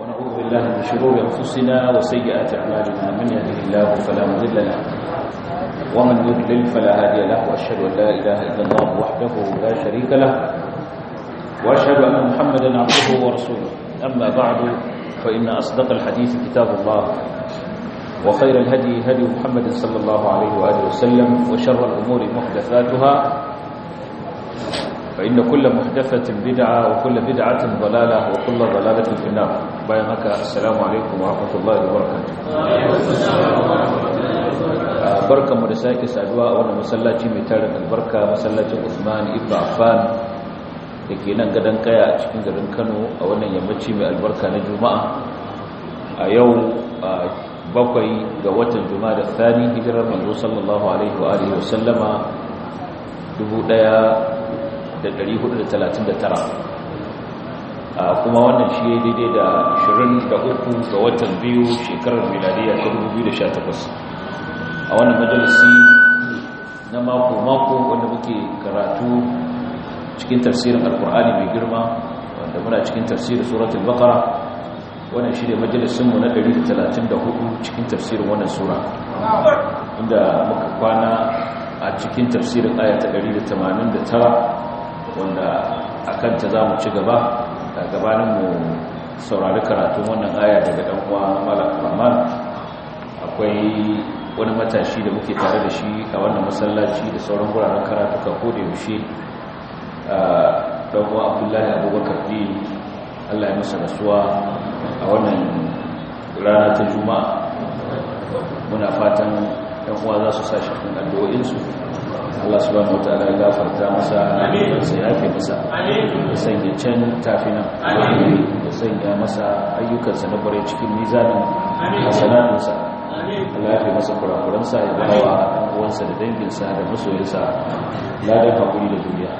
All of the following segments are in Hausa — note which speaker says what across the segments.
Speaker 1: ونعوذ بالله من شرور انفسنا وسيئات اعمالنا من يهده الله فلا مذل له ومن يضلل فلا هادي له واشهد ان لا اله الا الله وحده لا شريك له واشهد ان محمدا عبده ورسوله اما بعد فان اصدق الحديث كتاب الله وخير الهدي هدي محمد صلى الله عليه واله وسلم وشر الامور محدثاتها فإن كل محدثة بدعة وكل بدعة ضلالة وكل ضلالة في النار بينك السلام عليكم ورحمة الله وبركاته بركة مرساك سادواء وانا مسلاتي ميتارة البركة مسلاتي عثمان ابن عفان لكي ننقدن كيا cikin garin Kano a wannan yammaci mai albarka na Juma'a a yau bakwai ga watan Juma'a da tsani hijirar manzo sallallahu alaihi wa alihi wa sallama a kuma wannan shi ya daidai da 23 ga watan biyu shekarar miladiya ta 2018 a wannan majalisi na mako-mako wanda muke karatu cikin tafsirin alkur'ani mai girma wanda muna cikin tafsirin suratul bakara wannan shi ne majalisunmu na 134 cikin tafsirin wannan sura inda muka kwana a cikin tafsirin ayata 189 wanda a kanta za mu ci gaba a mu saurari karatu wannan aya daga ɗan'uwa malam akwai wani matashi da muke tare da shi a wannan masallaci da sauran wuraren karatu ka da yaushe ɗan'uwa abdullahi abubakar ji allah ya masa rasuwa a wannan rana ta juma'a muna fatan ɗan'uwa za su sa shi addu'o'insu Allah subhanahu wataala ya farta masa sai ya fi masa ya sanya can tafi nan ya sanya masa ayyukansa na bare cikin mizanin hasanansa Allah ya fi masa kurakuransa ya ba wa uwansa da danginsa da masoyinsa dai haƙuri da duniya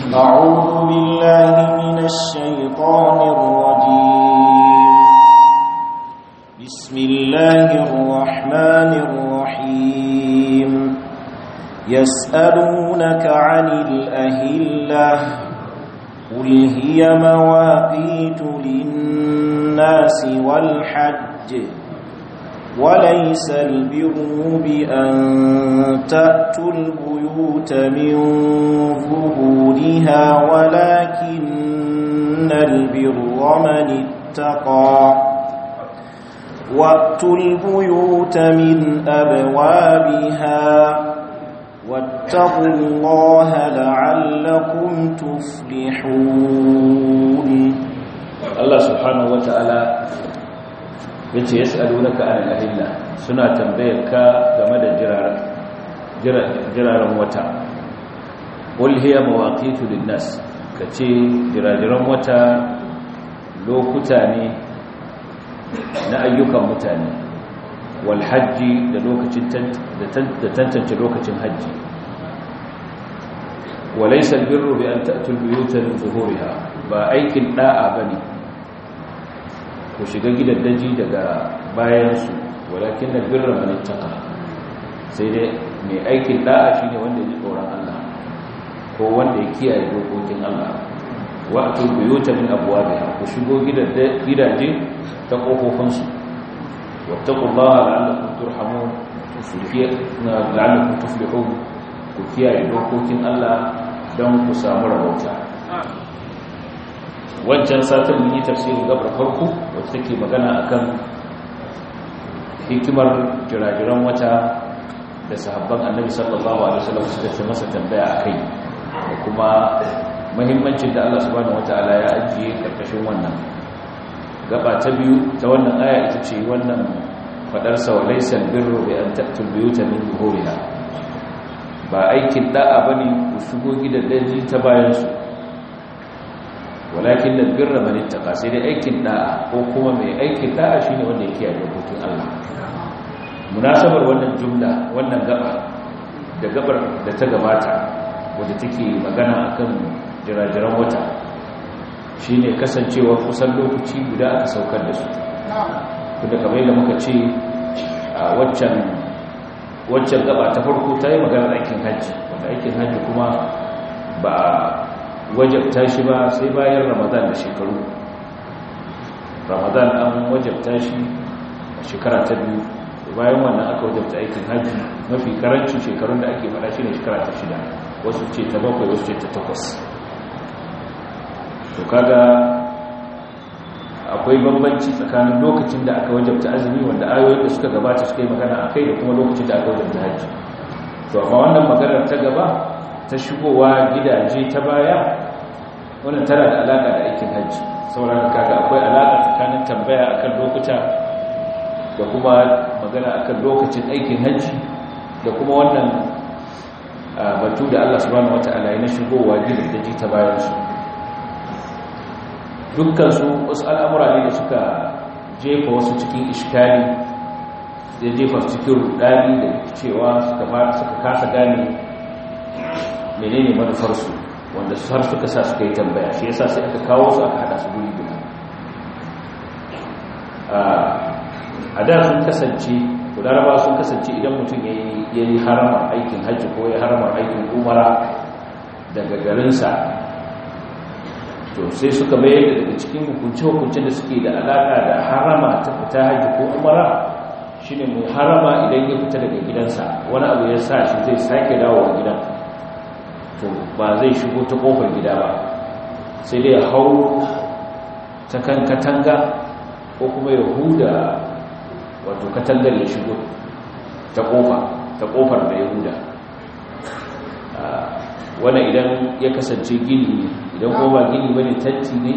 Speaker 2: أعوذ بالله من الشيطان الرجيم بسم الله الرحمن الرحيم يسألونك عن الأهلة قل هي مواقيت للناس والحج وليس البر بأن تأتوا البيوت من ظهورها ولكن البر من اتقى وأتوا البيوت من أبوابها واتقوا الله لعلكم تفلحون
Speaker 1: الله سبحانه وتعالى yace yas'alunaka an al-ahilla suna tambayar ka game da jiraren wata qul hiya mawaqitu lin-nas kace jirajiran wata lokuta ne na ayyukan mutane wal da tantance lokacin hajji walaysa albirru bi an ta'tul buyuta min zuhuriha ba aikin ɗa'a ba bane ku shiga gidan daji daga bayansu, walakin walakin birra man ittaqa sai dai mai aikin da'a shine wanda ya tsoron Allah ko wanda ya kiyaye dokokin Allah wa'tu buyuta min abwabiha ku shigo gidaje ta kofofin واتقوا الله لعلكم ترحمون لعلكم تفلحون ku kiyaye dokokin Allah dan ku samu rabauta wancan satin mun yi tafsirin gabar farko wacce take magana akan hikimar jiragiran wata da sahabban annabi sallallahu alaihi wasallam suka ce masa tambaya akai da kuma mahimmancin da Allah subhanahu wataala ya ajiye karkashin wannan gaba ta biyu ta wannan aya ita ce wannan fadar sa walaysa bi an ta'tul biyuta min zuhuriha ba aikin da'a bane ku shigo gidajen ta bayan su walakin birra man ittaqa sai dai aikin da'a ko kuma mai aikin da'a shine wanda yake kiyaye dokokin Allah munasabar wannan jumla wannan gaba da gabar da ta gabata wanda take magana akan jirajiran wata shi ne kasancewa kusan lokaci guda aka saukar da su kuma kamar da muka ce a waccan gaba ta farko ta yi maganar aikin hajji wanda aikin hajji kuma ba wajabta shi ba sai bayan ramadan da shekaru ramadan an wajabta shi a shekara ta biyu bayan wannan aka wajabta aikin hajji mafi karancin shekarun da ake faɗa shi ne shekara ta shida wasu ce ta bakwai wasu ce ta takwas to kaga akwai bambanci tsakanin lokacin da aka wajabta azumi wanda ayoyin da suka gabata suka yi magana a kai da kuma lokacin da aka wajabta hajji to amma wannan maganar ta gaba ta shigowa gidaje ta baya wannan tana da alaka da aikin hajji sauran kaga akwai alaka tsakanin tambaya akan lokuta da kuma magana akan lokacin aikin hajji da kuma wannan ah, batu da Allah subhanahu wataala ya shigowa gidaje ta bayan su dukkansu wasu al'amura ne da suka jefa wasu cikin iskali da jefa cikin rudani da cewa suka kasa gane menene manufarsu wanda su har suka sa suka yi tambaya shi yasa sai aka kawo su aka hada su guri guda a da sun kasance kudaraba sun kasance idan mutum ya yi haramar aikin hajji ko ya haramar aikin umara daga garinsa to sai suka bayyana da daga cikin hukunce-hukunce da suke da alaƙa da harama ta fita haji ko umara shi ne mai harama idan ya fita daga gidansa wani abu ya sa shi zai sake dawowa gidan to ba zai shigo ta ƙofar gida ba sai dai hau ta kan katanga ko kuma ya huda wato katangar ya shigo ta ƙofa ta ƙofar da ya huda ah, wani idan ya kasance gini ne idan ko ba gini bane tanti ne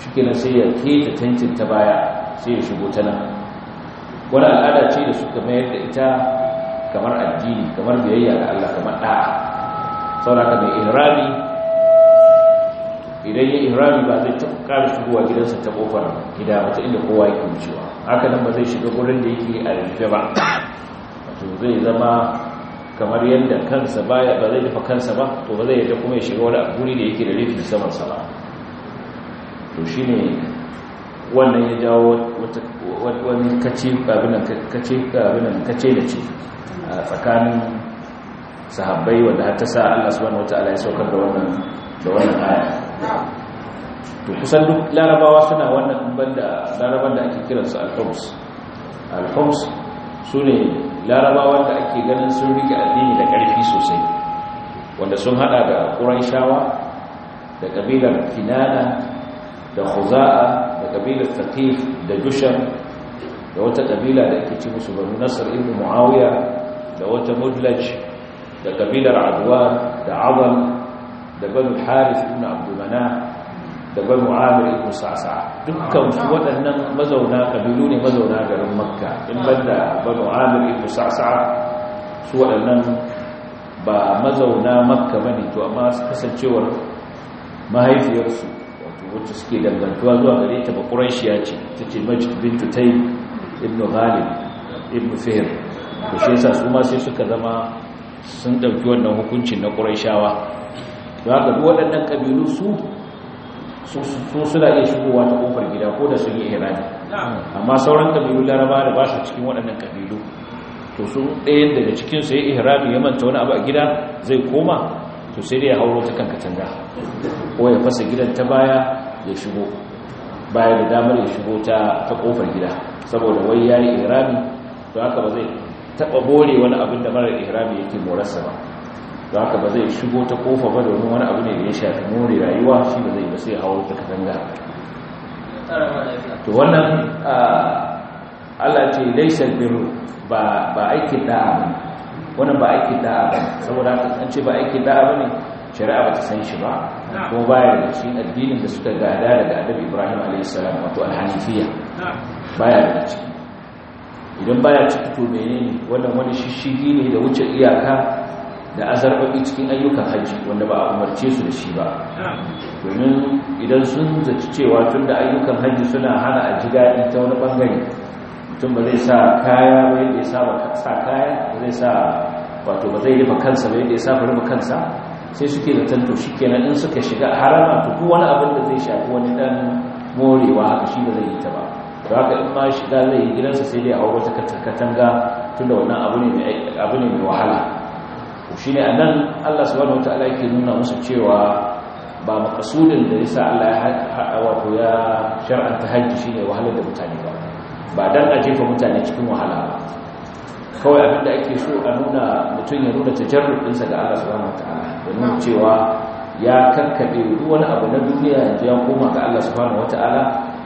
Speaker 1: shikenan sai ya keta tantin ta baya sai ya shigo ta nan wani al'ada ce da suka mayar da ita kamar addini kamar biyayya ga Allah kamar da'a saboda mai ihrami idan ya ihrami ba zai tafi ƙara shigowa gidansa ta kofar gida wata inda kowa yake wucewa haka nan ba zai shiga gurin da yake a rufe ba wato zai zama kamar yadda kansa baya ba zai dafa kansa ba to ba zai yadda kuma ya shiga wani guri da yake da rufin saman sama to shi ne wannan ya jawo wani kace abinan kace da ce a tsakanin sahabbai wanda har ta sa Allah subhanahu wataala ya saukar da wannan da wannan aya to kusan duk larabawa suna wannan banda laraban da ake kiransu al-khums al-khums sune larabawa da ake ganin sun rike addini da ƙarfi sosai wanda sun hada da ƙuraishawa da ƙabilar finana, da khuza'a da ƙabilar taqif da dushar, da wata ƙabila da ake ci musu banu nasar ibn muawiya da wata mudlaj da ƙabilar adwa da azam da banu harith ibn abdulmanah da banu amir ibn sasa dukkan su waɗannan mazauna kabilu ne mazauna garin makka in banda banu amir ibn sasa su waɗannan ba mazauna makka bane to amma kasancewar mahaifiyarsu wato wacce suke dangantuwa zuwa gare ta bakuraishiya ce ta ce majid bintu tayyib ibn ghalib ibn fihr ko shi yasa su ma sai suka zama sun ɗauki wannan hukuncin na ƙuraishawa don haka duk waɗannan kabilu su su suna iya shigowa ta kofar gida ko da sun yi ihrami amma sauran kabilu laraba da ba su cikin waɗannan kabilu to su ɗayan daga cikin su yi ihrami ya manta wani abu a gida zai koma to sai dai ya hauro ta kan katanga ko ya fasa gidan ta baya ya shigo baya da damar ya shigo ta ta kofar gida saboda wai ya yi ihrami to haka ba zai taɓa bore wani abin da marar ihrami yake morarsa ba da haka ba zai shigo ta kofa ba domin wani abu ne da ya shafi more rayuwa shi ba zai ba sai hawo ta katanga to wannan Allah ce laisa biru ba ba aikin da'a ba wannan ba aikin da'a ba saboda haka an ce ba aikin da'a ba ne shari'a ba ta san shi ba ko baya da shi addinin da suka gada daga annabi Ibrahim alayhi salam wato al ba baya da shi idan baya ciki to menene wannan wani shishigi ne da wuce iyaka da azarbaɓi cikin ayyukan hajji wanda ba a umarce su da shi ba domin idan sun zaci cewa tun da ayyukan hajji suna hana a ji daɗi ta wani ɓangare mutum ba zai sa kaya ba yadda ya sa kaya ba zai sa wato ba zai rima kansa ba yadda ya sa ba kansa sai suke da tanto shi kenan in suka shiga harama to ko wani abin da zai shafi wani dan morewa haka shi ba zai yi ta ba da haka in ma shiga zai yi gidansa sai dai a wata katanga tun da wannan abu ne mai wahala shi ne a nan allah subhanahu wata'ala yake nuna musu cewa ba makasudin da ya sa allah ya haɗa wato ya shar'anta hajji shi ne wahalar da mutane ba ba don a jefa mutane cikin wahala ba kawai abinda ake so a nuna mutum ya nuna ta ɗinsa ga allah subhanahu wata'ala da nuna cewa ya karkaɗe wani abu na duniya yanzu ya koma ga allah subhanahu wata'ala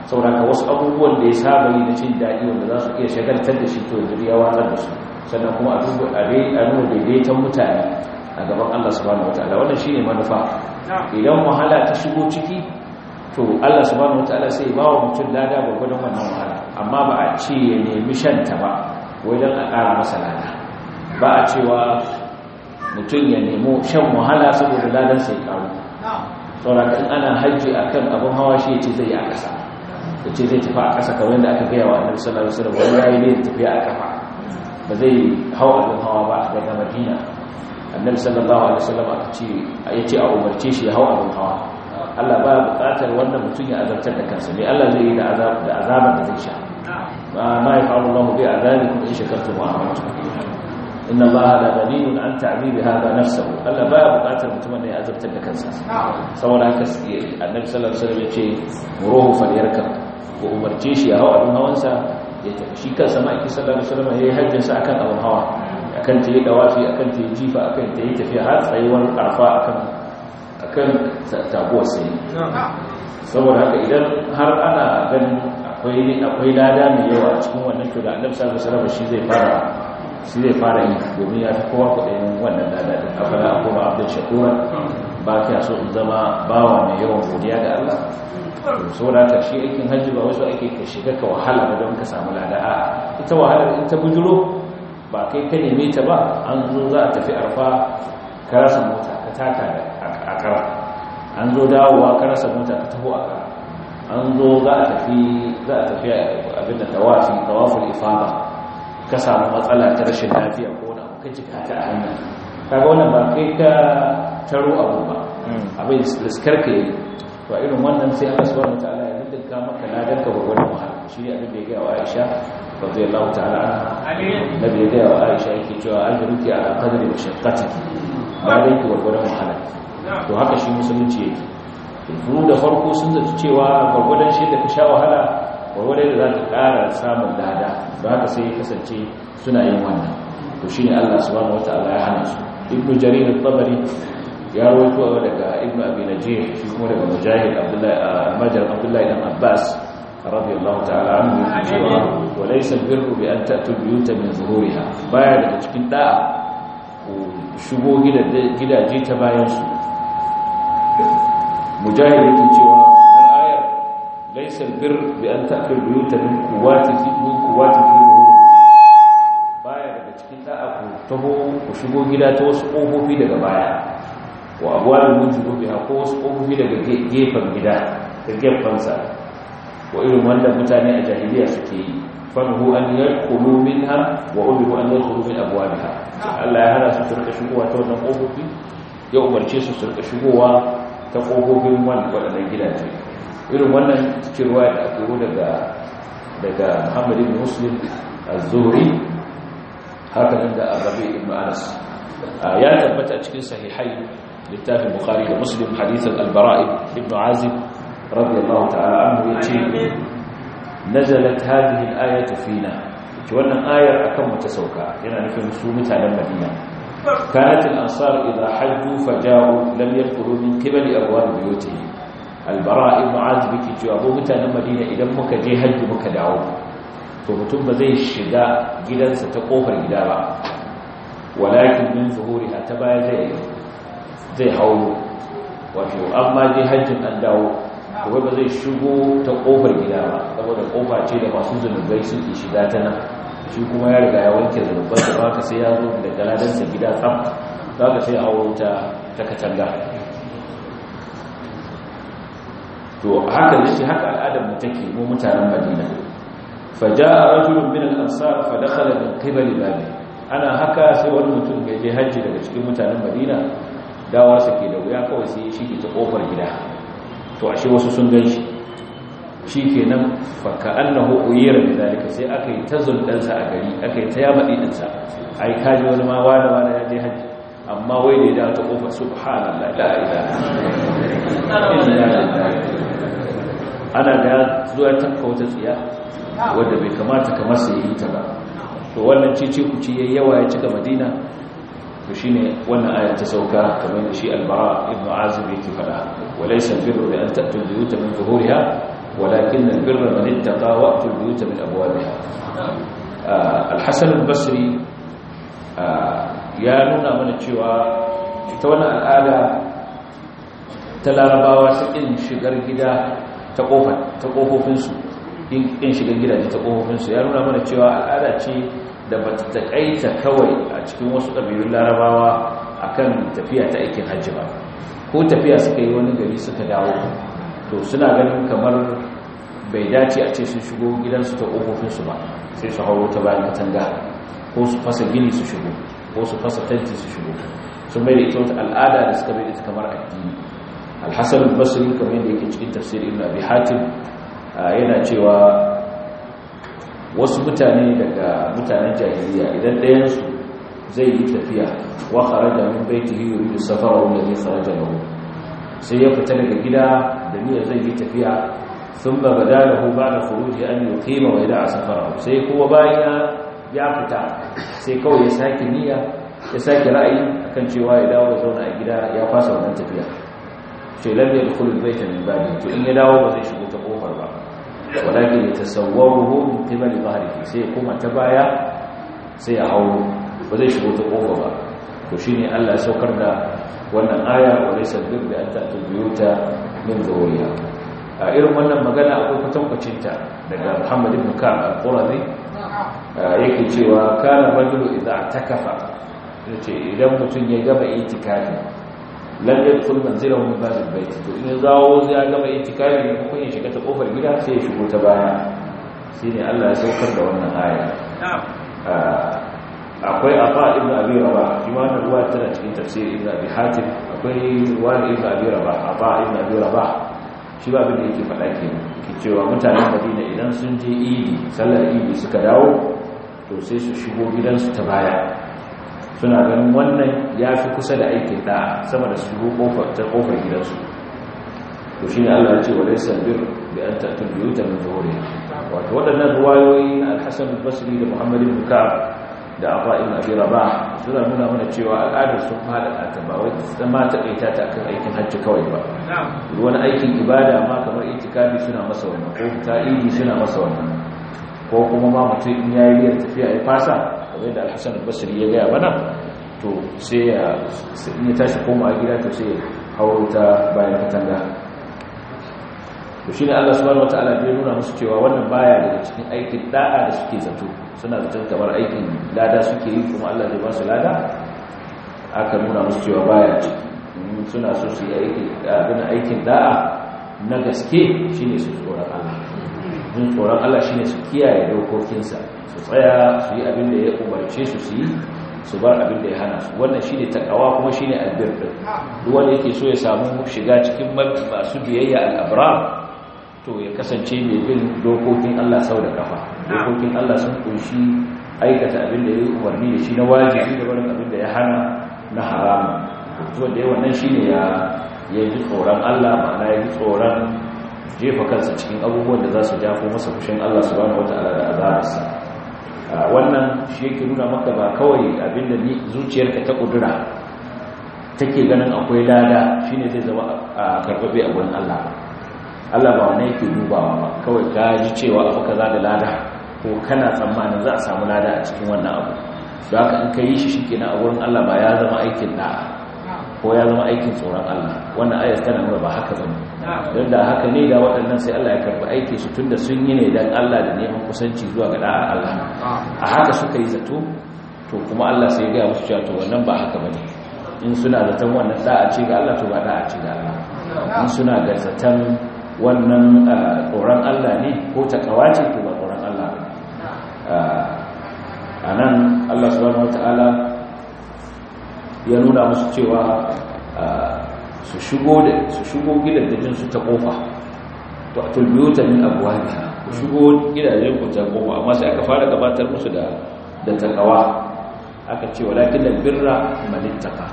Speaker 1: sauraka wasu abubuwan da ya saba yi na cin daɗi wanda za su iya shagaltar da shi to yanzu ya watsar da su sannan kuma a nuna daidaiton mutane a gaban Allah subhanahu wataala wannan shine manufa idan wahala ta shigo ciki to Allah subhanahu wataala sai ba wa mutum lada gwagwadon wannan wahala amma ba a ce ya nemi shanta ba wajen a ƙara masa lada ba a cewa mutum ya nemo shan wahala saboda ladan sai ƙaru saurakan ana hajji akan abin hawa shi ce zai yi a ƙasa ce zai tafi a ƙasa kamar yadda aka gaya wa annabi sallallahu alaihi wasallam wani yayi ne tafiya a kafa ba zai hau abin hawa ba daga madina annabi sallallahu alaihi wasallam aka ce ya ce a umarce shi ya hau abin hawa Allah ba buƙatar wannan mutum ya azabtar da kansa ne Allah zai yi da azab da azabar da zai sha ma ma ya fa'alu Allah bi azabikum in shakartum wa amantum inna Allah la ghaniyun an ta'bibi hadha nafsuhu Allah ba buƙatar mutum ne ya azabtar da kansa saboda haka annabi sallallahu alaihi wasallam ya ce ruhu falyarkam ko umarce shi ya hau abin hawansa ya tafi shi kansa ma'aiki sallallahu alaihi wasallam yayi hajjinsa akan abin hawa akan ta yi dawafi akan ta yi jifa akan ta yi tafiya har tsayuwar karfa akan kan taguwar sai saboda haka idan har ana ganin akwai lada mai yawa cikin wannan to da annabi sallallahu alaihi shi zai fara shi zai fara yi domin ya fi kowa kudin wannan lada din afala akuma abin shakura ba kya so in zama bawa mai yawan godiya ga Allah saboda shi aikin hajji ba wasu ake ka shiga ka wahala da don ka samu lada a ita da ita bujuro ba kai ka neme ta ba an zo za a tafi arfa ka rasa mota ka taka a kara an zo dawowa ka rasa mota ka taho a kara an zo za a tafi za a tafi abinda tawafi tawafin ifada ka samu matsala ta rashin lafiya ko wani ka jika ta a hanya kaga wannan ba kai ka taro abu ba hmm. abin liskarka yi to a irin wannan sai Allah subhanahu wataala ya dinka maka ladan ka gwagwarin wahala shi ne abin da ya gaya wa Aisha radiyallahu ta'ala amin nabi da wa Aisha yake cewa albaruki a qadri wa shaqqatiki ba dai ki gwagwarin wahala to haka shi musulunci yake kuma da farko sun zaci cewa gwagwarin shi da ka sha wahala gwagwarin da za ka ƙara samun dada ba haka sai ya kasance suna yin wannan to shi ne Allah subhanahu wataala ya hana su ibnu jarir al-tabari ya rawaito daga ibn abi najih shi kuma daga mujahid abdullahi majal abdullahi dan abbas radiyallahu ta'ala anhu cewa wa laysa birru bi an ta'tu biyuta min zuhuriha baya daga cikin da ku shigo gidaje ta bayan su mujahid yake cewa ayar laysa birr bi an ta'tu biyuta min quwwati min quwwati baya daga cikin da ku tabo ku shigo gida ta wasu kofofi daga baya wa abuwa da mutu ko wasu kofofi daga gefen gida da sa wa irin wanda mutane a jahiliya suke yi fanhu an min ha wa umiru an yadkhulu min ha Allah ya hana su surka shigowa ta wannan kofofi ya umarce su surka shigowa ta kofofin waɗannan gidaje irin wannan cewa da aka daga daga Muhammad ibn Muslim az-Zuhri haka da Arabi ibn Anas ah, ya tabbata cikin sahihai بالتالي البخاري ومسلم حديث البراء ابن عازب رضي الله تعالى عنه نزلت هذه الآية فينا جوانا آية أكم متسوكا هنا نفهم سومة على المدينة كانت الأنصار إذا حجوا فجاءوا لم يدخلوا من قبل أبوال بيوتهم البراء عازب بك جوابوا متى المدينة إذا مك جي هج مك دعو ثم تم ذي الشداء جدا ستقوف الإدارة ولكن من ظهورها تبايا ذي zai hau wato amma dai hajjin an dawo kawai ba zai shigo ta kofar gida ba saboda kofa ce da masu zunubai ke shiga ta nan shi kuma ya riga ya wanke zunubai da baka sai ya zo da galadansa gida tsaf za ka sai hau ta ta to haka shi haka al'adar mu take mu mutanen madina rajulun رجل من الانصار فدخل من قبل بابه ana haka sai wani mutum ya je hajji daga cikin mutanen Madina dawa su ke da wuya kawai sai shi ke ta kofar gida to ashe wasu sun gan shi shi ke nan faka annahu uyira da zalika sai aka yi ta zulɗansa a gari aka yi ta yaba ɗinsa yi kaji wani ma wani wani ya je hajji amma wai ne da ta kofar subhanallah la ilaha ana ga zuwa takka wata tsiya wadda bai kamata kamar sai yi ta ba to wannan cece ku ci yayi yawa ya cika madina to ne wannan aya ta sauka kamar shi albara ibn azib yake fada walaysa birru bi an ta'tul buyuta min zuhuriha walakin albirra man ittaqa wa'tul buyuta min abwabiha al-hasan al-basri ya nuna mana cewa ita wannan al'ada ta larabawa su in shigar gida ta kofofinsu in shigar gidaje ta kofofinsu ya nuna mana cewa al'ada ce da ba ta taƙaita kawai a cikin wasu ɗabi'un larabawa a kan tafiya ta aikin hajji ba ko tafiya suka yi wani gari suka dawo to suna ganin kamar bai dace a ce sun shigo gidansu ta ƙofofinsu ba sai su hau ta bayan katanga ko su fasa gini su shigo ko su fasa tanti su shigo sun bai da ita wata al'ada da suka bai kamar addini alhassan basirin kamar yadda yake cikin tafsirin ibn abi hatim yana cewa wasu mutane daga mutanen jahiliya idan ɗayansu zai yi tafiya wa kharaja min baitihi yuridu safara alladhi kharaja lahu sai ya fita daga gida da niyyar zai yi tafiya thumma badalahu ba'da khuruji an yuqima wa a safara sai kuma bayan ya fita sai kawai ya sake niyya ya sake ra'ayi akan cewa ya dawo zauna a gida ya fasa wannan tafiya ce lalle da kullu baita min bani to in ya dawo ba zai shigo ta walakin yatasawwaruhu min qibali dhahrihi sai kuma ta baya sai ya hawo ba zai shigo ta kofa ba to shine Allah ya saukar da wannan aya wa laysa birri bi anta biyuta min dhuriya a irin wannan magana akwai kwatankwacin ta daga Muhammad ibn Ka'ab al-Qurazi yake cewa kana rajulu idza takafa yace idan mutum ya gaba itikafi lan yadkhul manzilahu min babil bai to in zawo sai ya gama itikafi ko kun shiga ta kofar gida sai ya shigo ta baya shine Allah ya saukar da wannan aya akwai afa ibn abi rabah shi ma ruwa tana cikin tafsir ibn abi hatim akwai ruwa ibn abi rabah afa ibn abi rabah shi ba abin da yake faɗa ke ke cewa mutanen Madina idan sun je idi sallar idi suka dawo to sai su shigo gidansu ta baya suna ganin wannan ya fi kusa da aikin da sama da su ta kofar gidansu to shi ne allah ce wadai sabir da yan tattun biyu ta min zuhuri wato waɗannan ruwayoyi na alhassan basri da muhammadin buka da afa ibn ba ba suna nuna mana cewa al'adar sun fada ta ba wai ta ma ta ta kan aikin hajji kawai ba wani aikin ibada ma kamar itikafi suna masa wannan ko ta'idi suna masa wannan ko kuma ma mutum in yayi tafiya ya fasa kamar da alhassan basiri ya gaya mana to sai ya tashi koma a gida to sai hauro ta bayan katanga to shi ne allah subhanahu wataala bai nuna musu cewa wannan baya daga cikin aikin da'a da suke zato suna zaton kamar aikin lada suke yi kuma allah zai ba su lada aka nuna musu cewa baya suna so su yi aikin da'a na gaske shine su tsoron allah tsoron allah shine su kiyaye dokokinsa su tsaya su yi abin da ya umarce su su yi su bar abin da ya hana su wannan ne takawa kuma shi ne din duk wanda yake so ya samu shiga cikin masu biyayya al'abra to ya kasance mai bin dokokin Allah sau da kafa dokokin Allah sun kunshi aikata abin da ya yi umarni da shi na wajibi da barin abin da ya hana na haram to da wannan ne ya ji tsoron Allah ma'ana ya yi tsoron jefa kansa cikin abubuwan da za su jafo masa kushin Allah subhanahu wataala da azabarsa wannan shi yake nuna maka ba kawai abinda ni zuciyarka ta kudura take ganin akwai lada shine zai zama a karbabe a wurin Allah Allah ba wani yake dubawa ba kawai ka ji cewa abu kaza da lada ko kana tsammanin za a samu lada a cikin wannan abu don haka in ka yi shi shikenan a wurin Allah ba ya zama aikin da'a ko ya zama aikin tsoron Allah wannan ayat tana nuna ba haka bane don da haka ne da waɗannan sai Allah ya karɓi aiki su tun da sun yi ne dan Allah da neman kusanci zuwa ga da'a Allah a haka suka yi zato to kuma Allah sai ya musu cewa to wannan ba haka bane in suna zaton wannan da'a ce ga Allah to ba da'a ce ga Allah in suna ga zaton wannan tsoron Allah ne ko ta kawace to ba tsoron Allah a nan Allah subhanahu wataala ya nuna musu cewa su shigo da su shigo gidajen su ta kofa to biyuta min abwabiha su shigo gidajen ku ta kofa amma sai aka fara gabatar musu da da takawa aka ce walakin albirra man ittaqa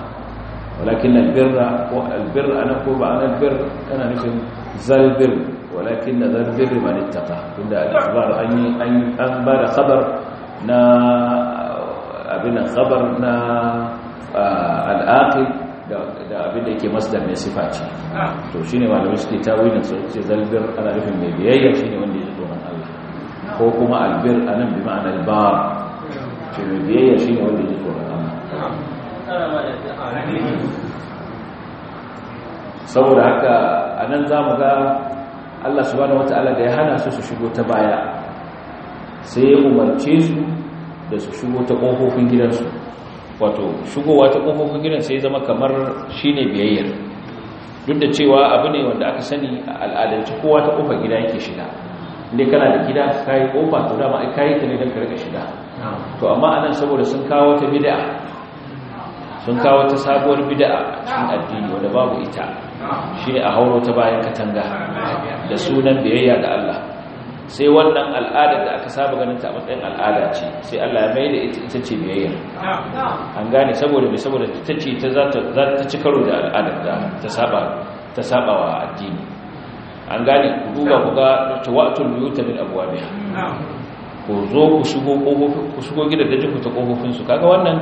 Speaker 1: walakin albirra ko albirra ana ko ba ana albirra kana nufin zalbir walakin zalbir man ittaqa inda al-akhbar an yi an ba khabar na abin khabar na al’aƙi da abin da yake da mai sifa ce to shine malamai suke tawilin su ce zalbir ana nufin mai biyayya shine wanda ya tsoron Allah ko kuma albir a bi ma'ana albar ce mai biyayya shine wanda ya tsoron Allah saboda haka a za zamu ga Allah subhanahu ala da ya hana su su shigo ta baya sai ya umarce su da su shigo ta ƙofofin gidansu wato shigowa ta kofofin gidan sai zama kamar shine biyayyar duk da cewa abu ne wanda aka sani a al'adance kowa ta kofar gida yake shiga inda kana da gida ka yi kofa to dama ai kayi ta ne don ka shiga to amma anan saboda sun kawo ta bid'a sun kawo ta sabuwar bid'a cikin addini wanda babu ita shine a hauro ta bayan katanga da sunan biyayya ga Allah sai wannan al'adar da aka saba ganin ta matsayin al'ada ce sai Allah ya mai da ita ce biyayya an gane saboda mai saboda ta ce ta za ta ci karo da al'adar da ta saba ta saba wa addini an gane ku duba ku ga tawa'atul buyuta min abwabiha ku zo ku shigo kofofin ku shigo gidajen ta kofofin su kaga wannan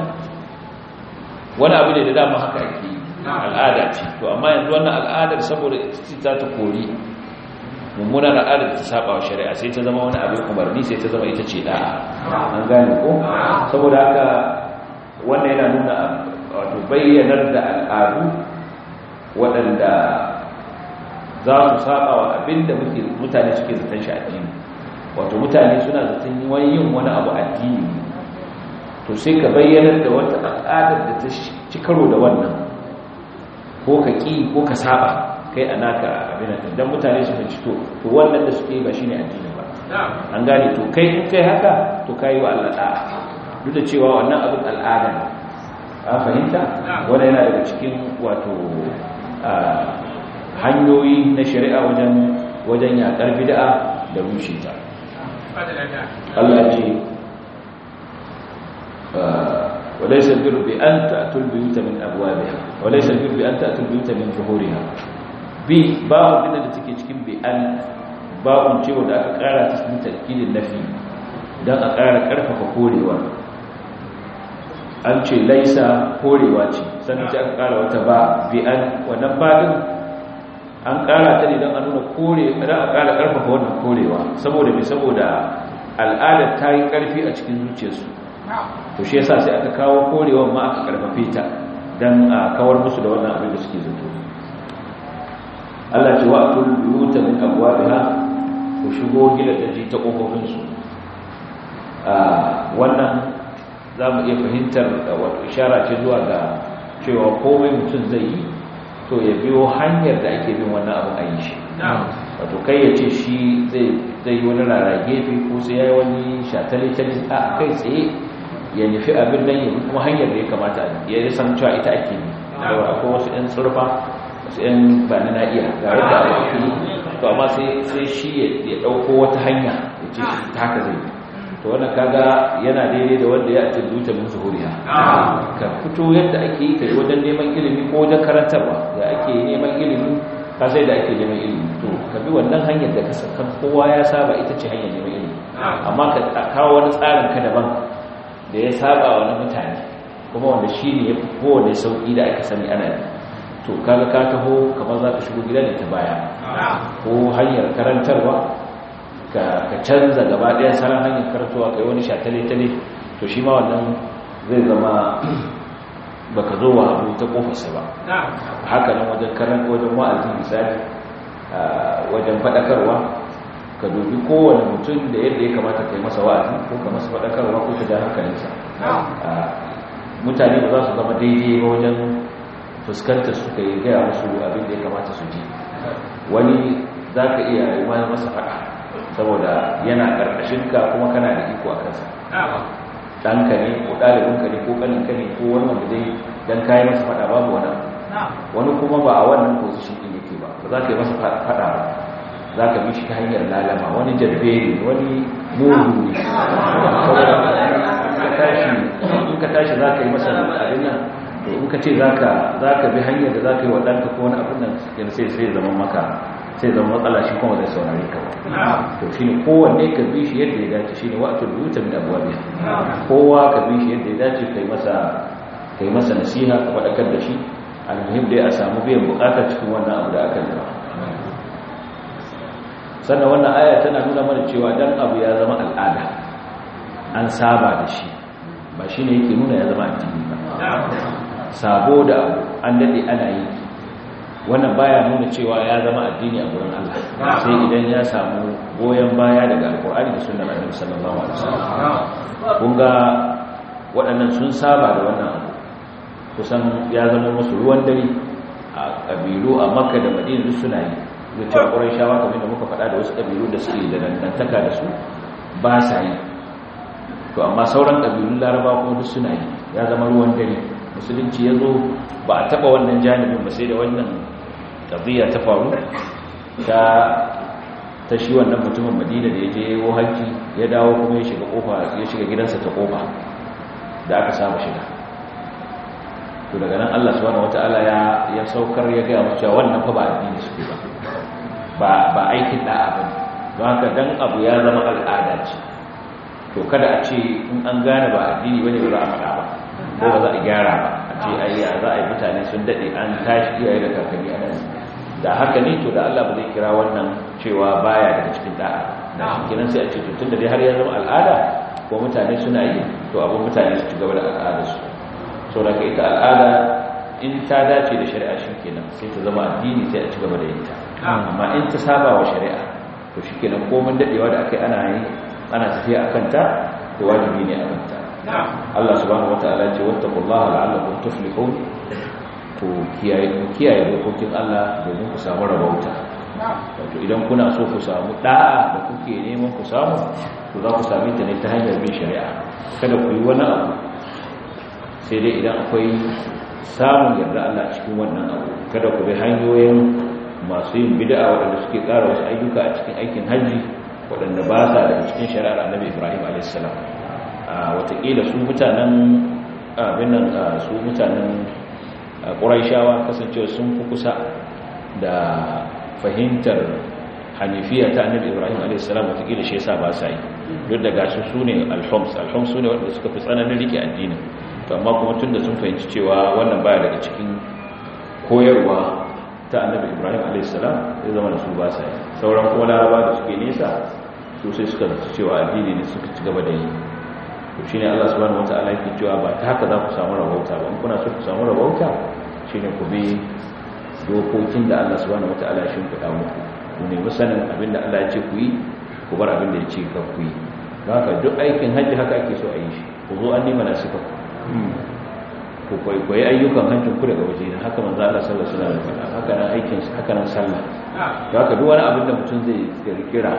Speaker 1: wani abu ne da dama haka ake al'ada ce to amma yanzu wannan al'adar saboda ita ta kori Mummuna na al'ada ta saba wa shari'a sai ta zama wani abin ni, sai ta zama ita ce da'a an gane ko saboda haka wannan yana nuna wato bayyanar da al'adu waɗanda za su saba wa abin da mutane suke zaton shi addini wato mutane suna zaton wani yin wani abu addini to sai ka bayyanar da wata al'adar da ta ci karo da wannan ko ka ƙi ko ka saba kai a naka abin da dan mutane su binciko to wannan da suke ba shi ne addini ba an gane to kai kai haka to kai wa Allah da'a duk da cewa wannan abin al'ada ne a fahimta wannan yana daga cikin wato hanyoyi na shari'a wajen wajen yakar bid'a da rushe ta Allah ce وليس البر بأن تأتوا البيوت من أبوابها وليس البر بأن تأتوا البيوت من ظهورها bi babu bin da take cikin bi an babun cewa da aka kara ta cikin tarkidin nafi dan a kara karfafa korewa an ce laisa korewa ce sannan sai aka kara wata ba bi an wannan ba din an kara ta ne dan a nuna kore dan a kara karfafa wannan korewa saboda me saboda al'adar ta yi karfi a cikin zuciyarsu to shi yasa sai aka kawo korewa ma aka karfafe ta dan a kawar musu da wannan abin da suke zato Allah ce wa atul buyuta min abwabiha ku shigo gida da ji ta kofofin su wannan za mu iya fahimtar wato ishara ce zuwa ga cewa komai mutum zai yi to ya biyo hanyar da ake bin wannan abu a yi shi wato kai ya ce shi zai yi wani rara gefe ko sai ya yi wani shatale a kai tsaye ya nufi abin nan yi kuma hanyar da ya kamata ya yi san cewa ita ake ne akwai wasu 'yan tsurfa yan ba na iya ga yadda a yi to amma sai shi ya ɗauko wata hanya da ce shi ta haka zai to wannan kaga yana daidai da wanda ya ce duta min zuhuriya ka fito yadda ake yi ka yi wajen neman ilimi ko wajen karantarwa da ake neman ilimi ka sai da ake neman ilimi to ka bi wannan hanyar da ka kowa ya saba ita ce hanyar neman ilimi amma ka kawo wani tsarin ka daban da ya saba wani mutane kuma wanda shi ne ya fi kowane sauƙi da aka sani ana yi to kaga ka taho kamar za ka shigo gida da ta baya ko hanyar karantarwa ka canza gaba ɗaya sarar hanyar karantarwa kai wani shatale-tale to shi ma wannan zai zama ba ka zo wa abu ta kofarsa ba haka nan wajen karanta wajen wa'azi misali wajen faɗakarwa ka dubi kowane mutum da yadda ya kamata ka yi masa wa'azi ko ka masa faɗakarwa ko ka ja hankalinsa mutane ba za su zama daidai wajen fuskanta suka yi gaya musu abin da ya kamata su ji wani za ka iya yi masa faɗa saboda yana ka kuma kana da iko a kansa ɗanka ne ko ɗalibinka ne ko ƙaninka ne ko wannan da zai don kayi masa faɗa babu wani wani kuma ba a wannan position ɗin yake ba ba za ka yi masa faɗa ba za ka bi shi ta hanyar lalama wani jarbe ne wani mugu ne ka tashi za ka yi masa abin nan Eh, in ka ce za ka bi hanyar da za ka yi wa ɗanka ko wani abin da sai sai zama maka sai zama matsala shi kuma zai saurari ka to shi ne kowanne ka bi shi yadda ya dace shi ne wa'atul butan da abuwa biya kowa ka bi shi yadda ya dace kai masa masa nasiha ka faɗakar da shi almuhim dai a samu biyan buƙatar cikin wannan abu da aka yi sannan wannan aya tana nuna mana cewa dan abu ya zama al'ada an saba da shi ba shi ne yake nuna ya zama addini ba sabo da abu an daɗe ana yi wannan baya nuna cewa ya zama addini a gurin Allah sai idan ya samu goyon baya daga alkur'ani da sunan annabi sallallahu alaihi wasallam kun ga waɗannan sun saba da wannan abu kusan ya zama musu ruwan dare a kabilu a makka da madina suna yi da cewa ƙurayshawa kamar da muka faɗa da wasu kabilu da suke da dantaka da su ba sa yi to amma sauran kabilun larabawa kuma duk suna yi ya zama ruwan dare musulunci ya zo ba a taba wannan janibin ba sai da wannan ƙabiya ta faru ta shi wannan mutumin madina da ya je yawo hajji ya dawo kuma ya shiga kofa ya shiga gidansa ta kofa da aka saba shiga to daga nan Allah subhanahu wataala ya ya saukar ya gaya mutum wannan fa ba addini suke ba ba aikin da'a ba don haka dan abu ya zama al'ada ce to kada a ce in an gane ba addini bane ba za a faɗa ba ko ba za a gyara ba a ce ayi a za a yi mutane sun daɗe an tashi iyaye da kakanni a nan da haka ne to da Allah ba zai kira wannan cewa baya daga cikin da'a na kiran sai a ce tun da dai har yanzu al'ada ko mutane suna yi to abin mutane su ci gaba da al'adarsu so da ka ita al'ada in ta dace da shari'a shi kenan sai ta zama addini sai a ci gaba da yin ta amma in ta saba wa shari'a to shi kenan komin daɗewa da aka yi ana yi ana tafiya a kanta to wajibi ne a kanta Allah subhanahu wata'ala ce wattaqullaha la'allakum tuflihun ku kiyaye ku kiyaye dokokin Allah domin ku samu rabauta wato idan kuna so ku samu ɗa'a da kuke neman ku samu ku za ku same ta ne ta hanyar bin shari'a kada ku yi wani abu sai dai idan akwai samun yarda Allah cikin wannan abu kada ku bi hanyoyin masu yin bida'a waɗanda suke ƙara wasu ayyuka a cikin aikin hajji waɗanda ba sa daga cikin shari'ar annabi Ibrahim alaihissalam watakila su mutanen abin nan su mutanen ƙuraishawa kasancewa sun fi kusa da fahimtar hanifiya ta annabi ibrahim alaihissalam watakila shi yasa ba sa yi duk da gashi su ne alhoms alhoms su ne wanda suka fi tsananin rike addinin to amma kuma tun da sun fahimci cewa wannan baya daga cikin koyarwa ta annabi ibrahim alaihissalam ya zama da su ba sa yi sauran kuma laraba da suke nesa su sai suka cewa addini ne suka ci gaba da yi shi ne Allah subhanahu wa ta'ala yake cewa ba ta haka za ku samu rahota ba in kuna so ku samu rahota shi ne ku bi dokokin da Allah subhanahu wa ta'ala shi ku dawo ku nemi sanin abin da Allah ya ce ku yi ku bar abin da ya ce ka ku yi don haka duk aikin hajji haka ake so a yi shi ku zo an nima na suka ku kwaikwayi ayyukan hajji ku daga waje na haka manzo Allah sallallahu alaihi wasallam haka nan aikin haka nan sallah don haka duk wani abin da mutum zai kira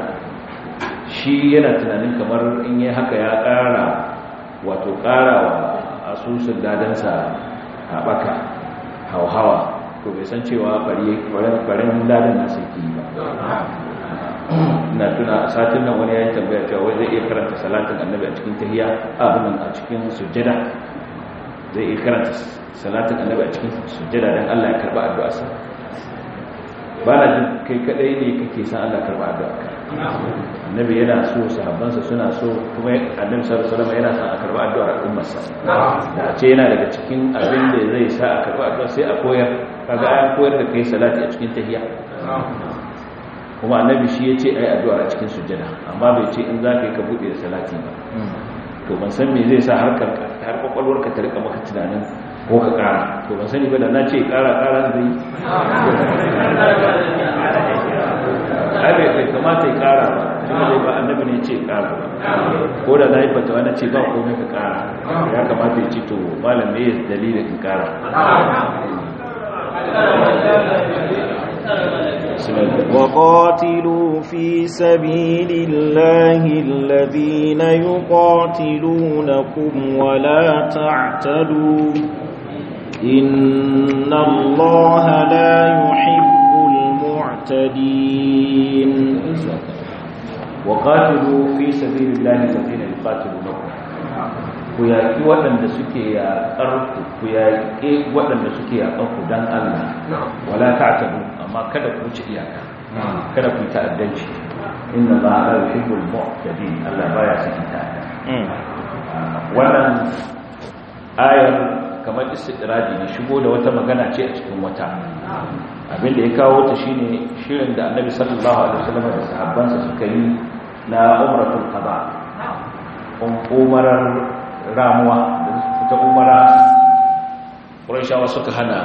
Speaker 1: shi yana tunanin kamar in yi haka ya ƙara wato ƙara wa asusun dadansa haɓaka hauhawa ko bai san cewa farin dadin da suke yi ba na tuna a satin nan wani ya yi tambaya cewa wai zai iya karanta salatin annabi a cikin tahiya abin a cikin sujada zai iya karanta salatin annabi a cikin sujada don allah ya karba addu'a sa ba na jin kai kadai ne kake san allah karba addu'a ka
Speaker 3: annabi
Speaker 1: yana so sahabbansa suna so kuma annabi sallallahu alaihi wasallam yana son a karba addu'ar al'ummarsa da a ce yana daga cikin abin da zai sa a karba addu'a sai a koyar kaga an koyar da kai salati a cikin tahiyya kuma annabi shi yace ai addu'a a cikin sujjada amma bai ce in zaka yi ka bude salati ba to ban san me zai sa harkar har ka ta rika maka tunanin ko ka kara to ban sani ba da na ce kara kara zai
Speaker 3: abin da kai kamata ya kara kuma dai ba annabi
Speaker 1: ne ce kara ko da na yi fatawa na ce ba komai ka kara ya kamata ya ce to
Speaker 2: malam ne ya dalilin ka
Speaker 1: kara
Speaker 2: وقاتلوا في سبيل الله الذين يقاتلونكم ولا تعتدوا إن الله لا يحب المعتدين وقاتلوا
Speaker 1: في سبيل الله الذين يقاتلونكم ku yaƙi waɗanda suke yaƙarku ku yaƙi waɗanda suke yaƙarku don Allah wala ta ta'tadu amma kada ku ci iyaka kada ku ta'addanci inna ba la yuhibbul mu'tadin Allah baya sakin ta'adda hmm. wannan ayar kamar istidradi ne shigo da wata magana ce a cikin wata abin da ya kawo ta shine shirin da annabi sallallahu alaihi wasallam da sahabbansa suka yi na umratul qada um, umarar ramuwa da ta umara quraishawa suka hana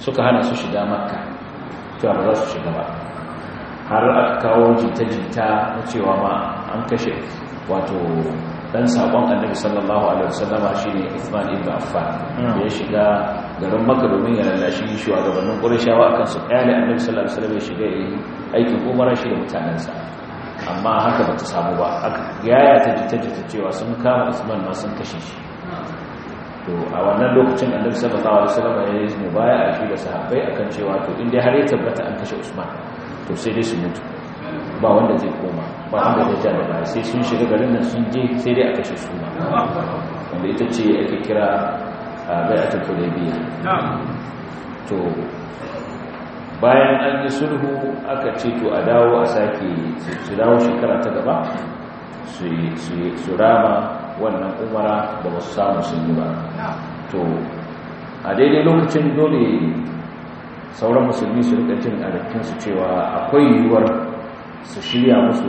Speaker 1: suka hana su shiga makka cewa ba za su shiga ba har aka kawo jita-jita na cewa ma an kashe wato dan sakon annabi sallallahu alaihi wasallam shine Uthman ibn Affan hmm. ya shiga garin Makka domin ya lallashi shugabannin Qurayshawa akan su kare annabi sallallahu alaihi wasallam ya shiga aikin umara shi da mutanansa amma haka bata samu ba aka yaya ta jita-jita cewa sun kama Uthman ma sun kashe shi to a wannan lokacin annabi sallallahu alaihi wasallam ya yi mubaya'a shi da sahabbai akan cewa to in dai har ya tabbata an kashe Usman. to sai dai su mutu ba wanda zai koma ba wanda zai ja ba sai sun shiga garin nan sun je sai dai a kashe suna wanda ita ce ake kira bai'atul biya to bayan an yi sulhu aka ce to a dawo a sake su dawo shekara ta gaba su rama wannan umara da ba su samu sun yi ba to a daidai lokacin dole sauran musulmi su rika a cewa akwai yiwuwar su shirya musu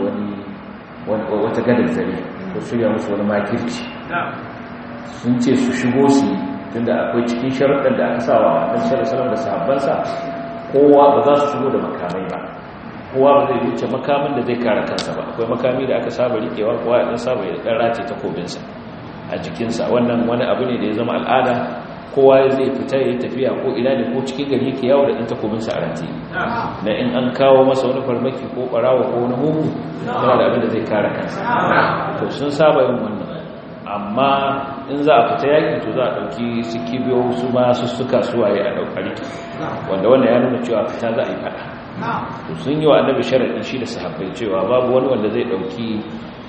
Speaker 1: wani wata gadar zare ko shirya musu wani makirci sun ce su shigo su tunda akwai cikin sharaɗar da aka sawa a ɗan salam da sahabbansa kowa ba za su shigo da makamai ba kowa ba zai wuce makamin da zai kara kansa ba akwai makami da aka saba riƙewa kowa ya ɗan saba ya ɗan race takobinsa a jikinsa wannan wani abu ne da ya zama al'ada kowa zai fita ya tafiya ko ina ne ko cikin gari ke yawo da ɗan takobinsa a ranti da in an kawo masa wani farmaki ko ɓarawa ko wani hukun yana da abin da zai kare kansa to sun saba yin wannan amma in za a fita yaƙi to za a ɗauki su kibiyo su ma su suka suwaye a ɗaukari wanda wanda ya nuna cewa fita za a yi faɗa to sun yi wa annabi sharaɗi shi da sahabbai cewa babu wani wanda zai ɗauki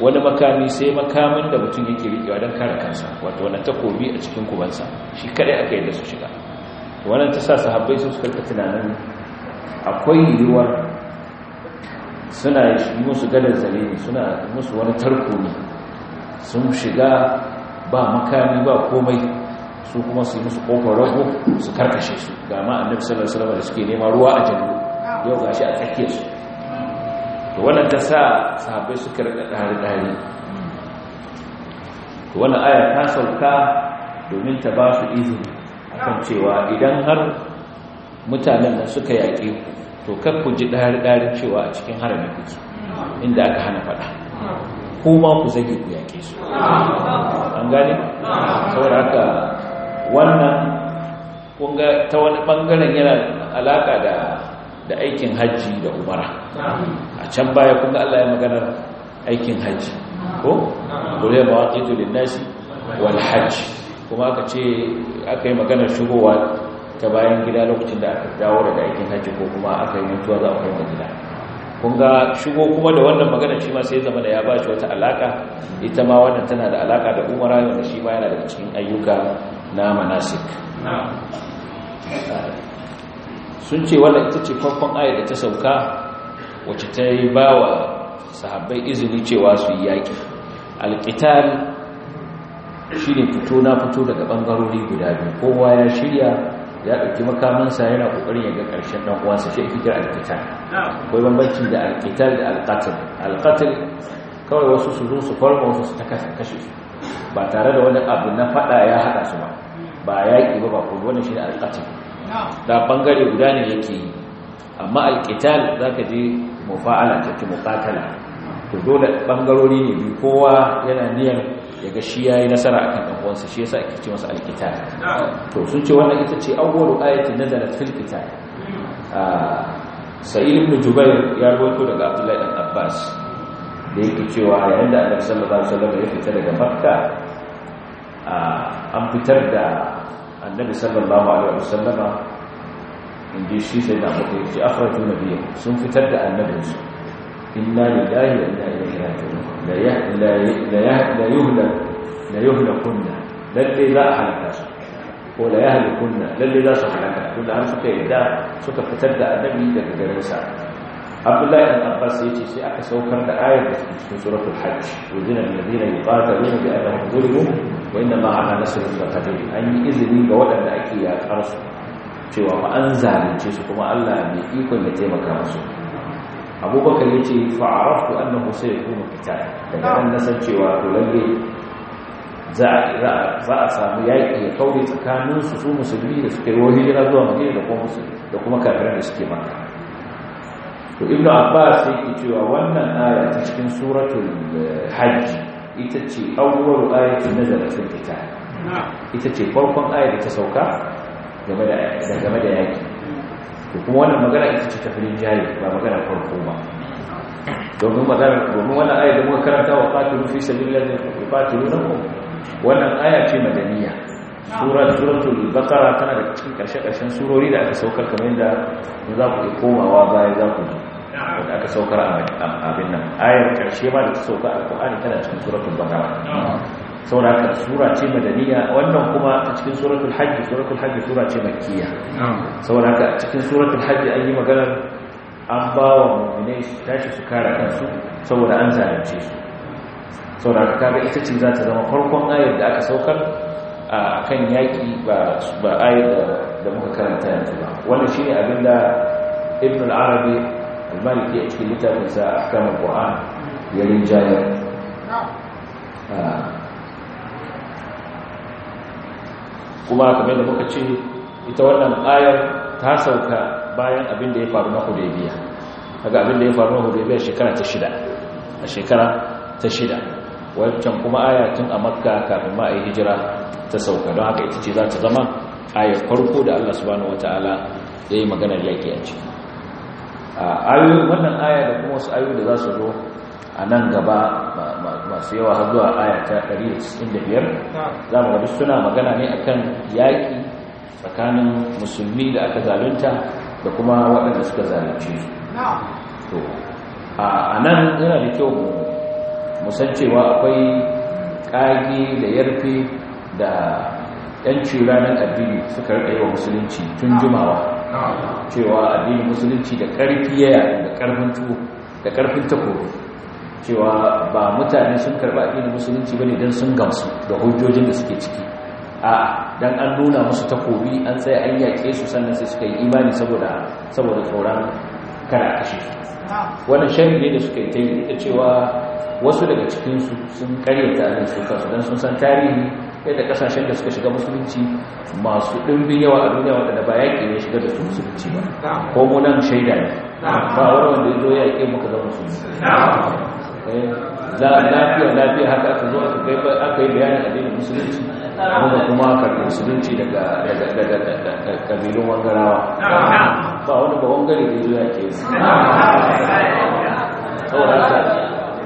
Speaker 1: wani makami sai makamin da mutum yake rikewa don kare kansa wato wani takobi a cikin kubansa shi kadai aka yi da su shiga wannan ta sa sahabbai su suka rika tunanin akwai yiwuwar suna yi musu gadar zare ne suna musu wani tarko ne sun shiga ba makami ba komai su kuma su yi musu kofar rago su karkashe su ga annabi sallallahu alaihi da suke neman ruwa a jallu yau gashi a tsakiyarsu. to wannan ta sa sahabbai suka rika dare-dare to wannan aya ta sauka domin ta ba su izini akan cewa idan har mutanen da suka yaƙi to kar ku ji dare-dare cewa a cikin harami kuke inda aka hana faɗa ma ku zage ku yaƙe su an gane saboda haka wannan kunga ta wani bangaren yana alaka da da aikin hajji da umara a can baya kuma Allah ya magana aikin hajji ko gure mawaqitu lin linnasi wal hajj kuma aka ce aka yi magana shigowa ta bayan gida lokacin da aka dawo daga aikin hajji ko kuma aka yi mutuwa za a kai gida kun ga shigo kuma da wannan magana shi ma sai zama da ya ba shi wata alaka ita ma wannan tana da alaka da umara wanda shi ma yana daga cikin ayyuka na manasik sun ce wannan ita ce farkon ayar da ta sauka wacce ta yi ba wa sahabbai izini cewa su yi yaƙi alƙitar shi ne fito na fito daga ɓangarori guda biyu kowa ya shirya ya ɗauki makamansa yana ƙoƙarin yaga ƙarshen ɗan uwansa shi ake kira alƙitar akwai bambanci da alƙitar da alƙatar alƙatar kawai wasu su zo su farma wasu su ta kashe su ba tare da wani abu na faɗa ya haɗa su ba ba yaƙi ba ba kuma wani shi ne alƙatar da bangare guda ne yake yi amma alkital za ka ji mufa'ala ta ke mukatala to dole bangarori ne biyu kowa yana niyan ya ga shi ya yi nasara a kan ɗan'uwansa shi ya sa ake ce masa alkital to sun ce wannan ita ce awwalu ayatin nazarat fil kital ah, sa'id ibn ya rawaito daga abdullahi ɗan abbas da yake cewa yayin da annabi sallallahu alaihi wasallam ya fita daga makka ah, an fitar da النبي صلى الله عليه وسلم ان دي شيء زي ما قلت في اخره النبي ثم تبدا النبي ان لله وانا اليه راجعون لا لا لا يهلك لا يهلكنا لا لا احد ولا يهلكنا لا لا صحك كل عام في ده فت تبدا النبي ده جلسا عبد الله بن عباس يجي شيء اكو سوكر ده ايه في سوره الحج وذين الذين يقاتلون بانهم ظلموا وانما على نسل القتيل izini ga waɗanda ake yaƙar cewa ba an zalunce su kuma Allah mai ikon ya taimaka musu abubakar ya ce fa'arafku annahu sai kuma fita daga nan na cewa to lalle za a samu yaƙi ya kaure tsakanin su su musulmi da suke ruwa hijira zuwa madina da kuma da kuma da suke maka to ibnu abbas yake cewa wannan aya ta cikin suratul hajj ita ce awwalu ayatin nazalat fil kitab ita ce farkon ayar da ta sauka game da yaki ko kuma wannan magana ita ce tafirin jari ba magana farko ba domin magana domin wannan ayar da muka karanta wa qatilu fi sabilillahi yuqatilunakum wannan aya ce madaniya sura suratul baqara tana da cikin karshe karshen surori da aka saukar kamar yadda za ku komawa baya za ku ji da aka saukar a abin nan ayar karshe ma da ta sauka a ƙwa'ani tana cikin suratul bakara sauraka sura ce madaniya wannan kuma a cikin suratul hajji suratul hajji sura ce makkiya sauraka cikin suratul hajji an yi maganar an ba wa mu'minai su tashi su kare kansu saboda an zalunce su sauraka kaga ita ce za ta zama farkon ayar da aka saukar a kan yaƙi ba ayar da muka karanta yanzu ba wannan shi ne abin da ibn al-arabi al-maliki a cikin littafinsa a kamar ya rinjayar kuma kamar da muka ce ita wannan ayar ta sauka bayan abin da ya faru na hudaybiya daga abin da ya faru na hudaybiya shekara ta shida a shekara ta shida wancan kuma aya tun a makka kafin ma a yi hijira ta sauka don haka ita ce za ta zama ayar farko da allah subhanahu wataala ya yi maganar yaƙi a ciki a ayoyin wannan aya da kuma wasu ayoyi da za su zo a nan gaba masu yawa har zuwa aya ta 195 za mu ga suna magana ne akan yaƙi tsakanin musulmi da aka zalunta da kuma waɗanda suka zalunce su a nan yana da kyau musancewa akwai ƙage da yarfe da ‘yan cira addini suka rika yi wa musulunci tun jimawa cewa addinin musulunci da ƙarfi yaya da ƙarfin tuwo cewa ba mutane sun karba addinin musulunci bane dan sun gamsu da hujjojin da suke ciki a dan an nuna musu takobi an tsaya an yake su sannan sai suka yi imani saboda saboda tsoron kada a kashe su wannan ne da suka yi ta yi ita cewa wasu daga cikinsu sun karyata a su kansu don sun san tarihi yadda kasashen da suka shiga musulunci masu ɗimbin yawa a duniya waɗanda ba yaƙi ne shiga da su musulunci ba ko mu nan shaida ne ba wani wanda ya zo yaƙi muka zama musulunci Eh, za a lafiya lafiya haka aka zo su kai aka yi bayanin addinin musulunci kuma kuma karɓi musulunci daga ƙabilun wangarawa ba wani ba wangare da zuwa ke su saurata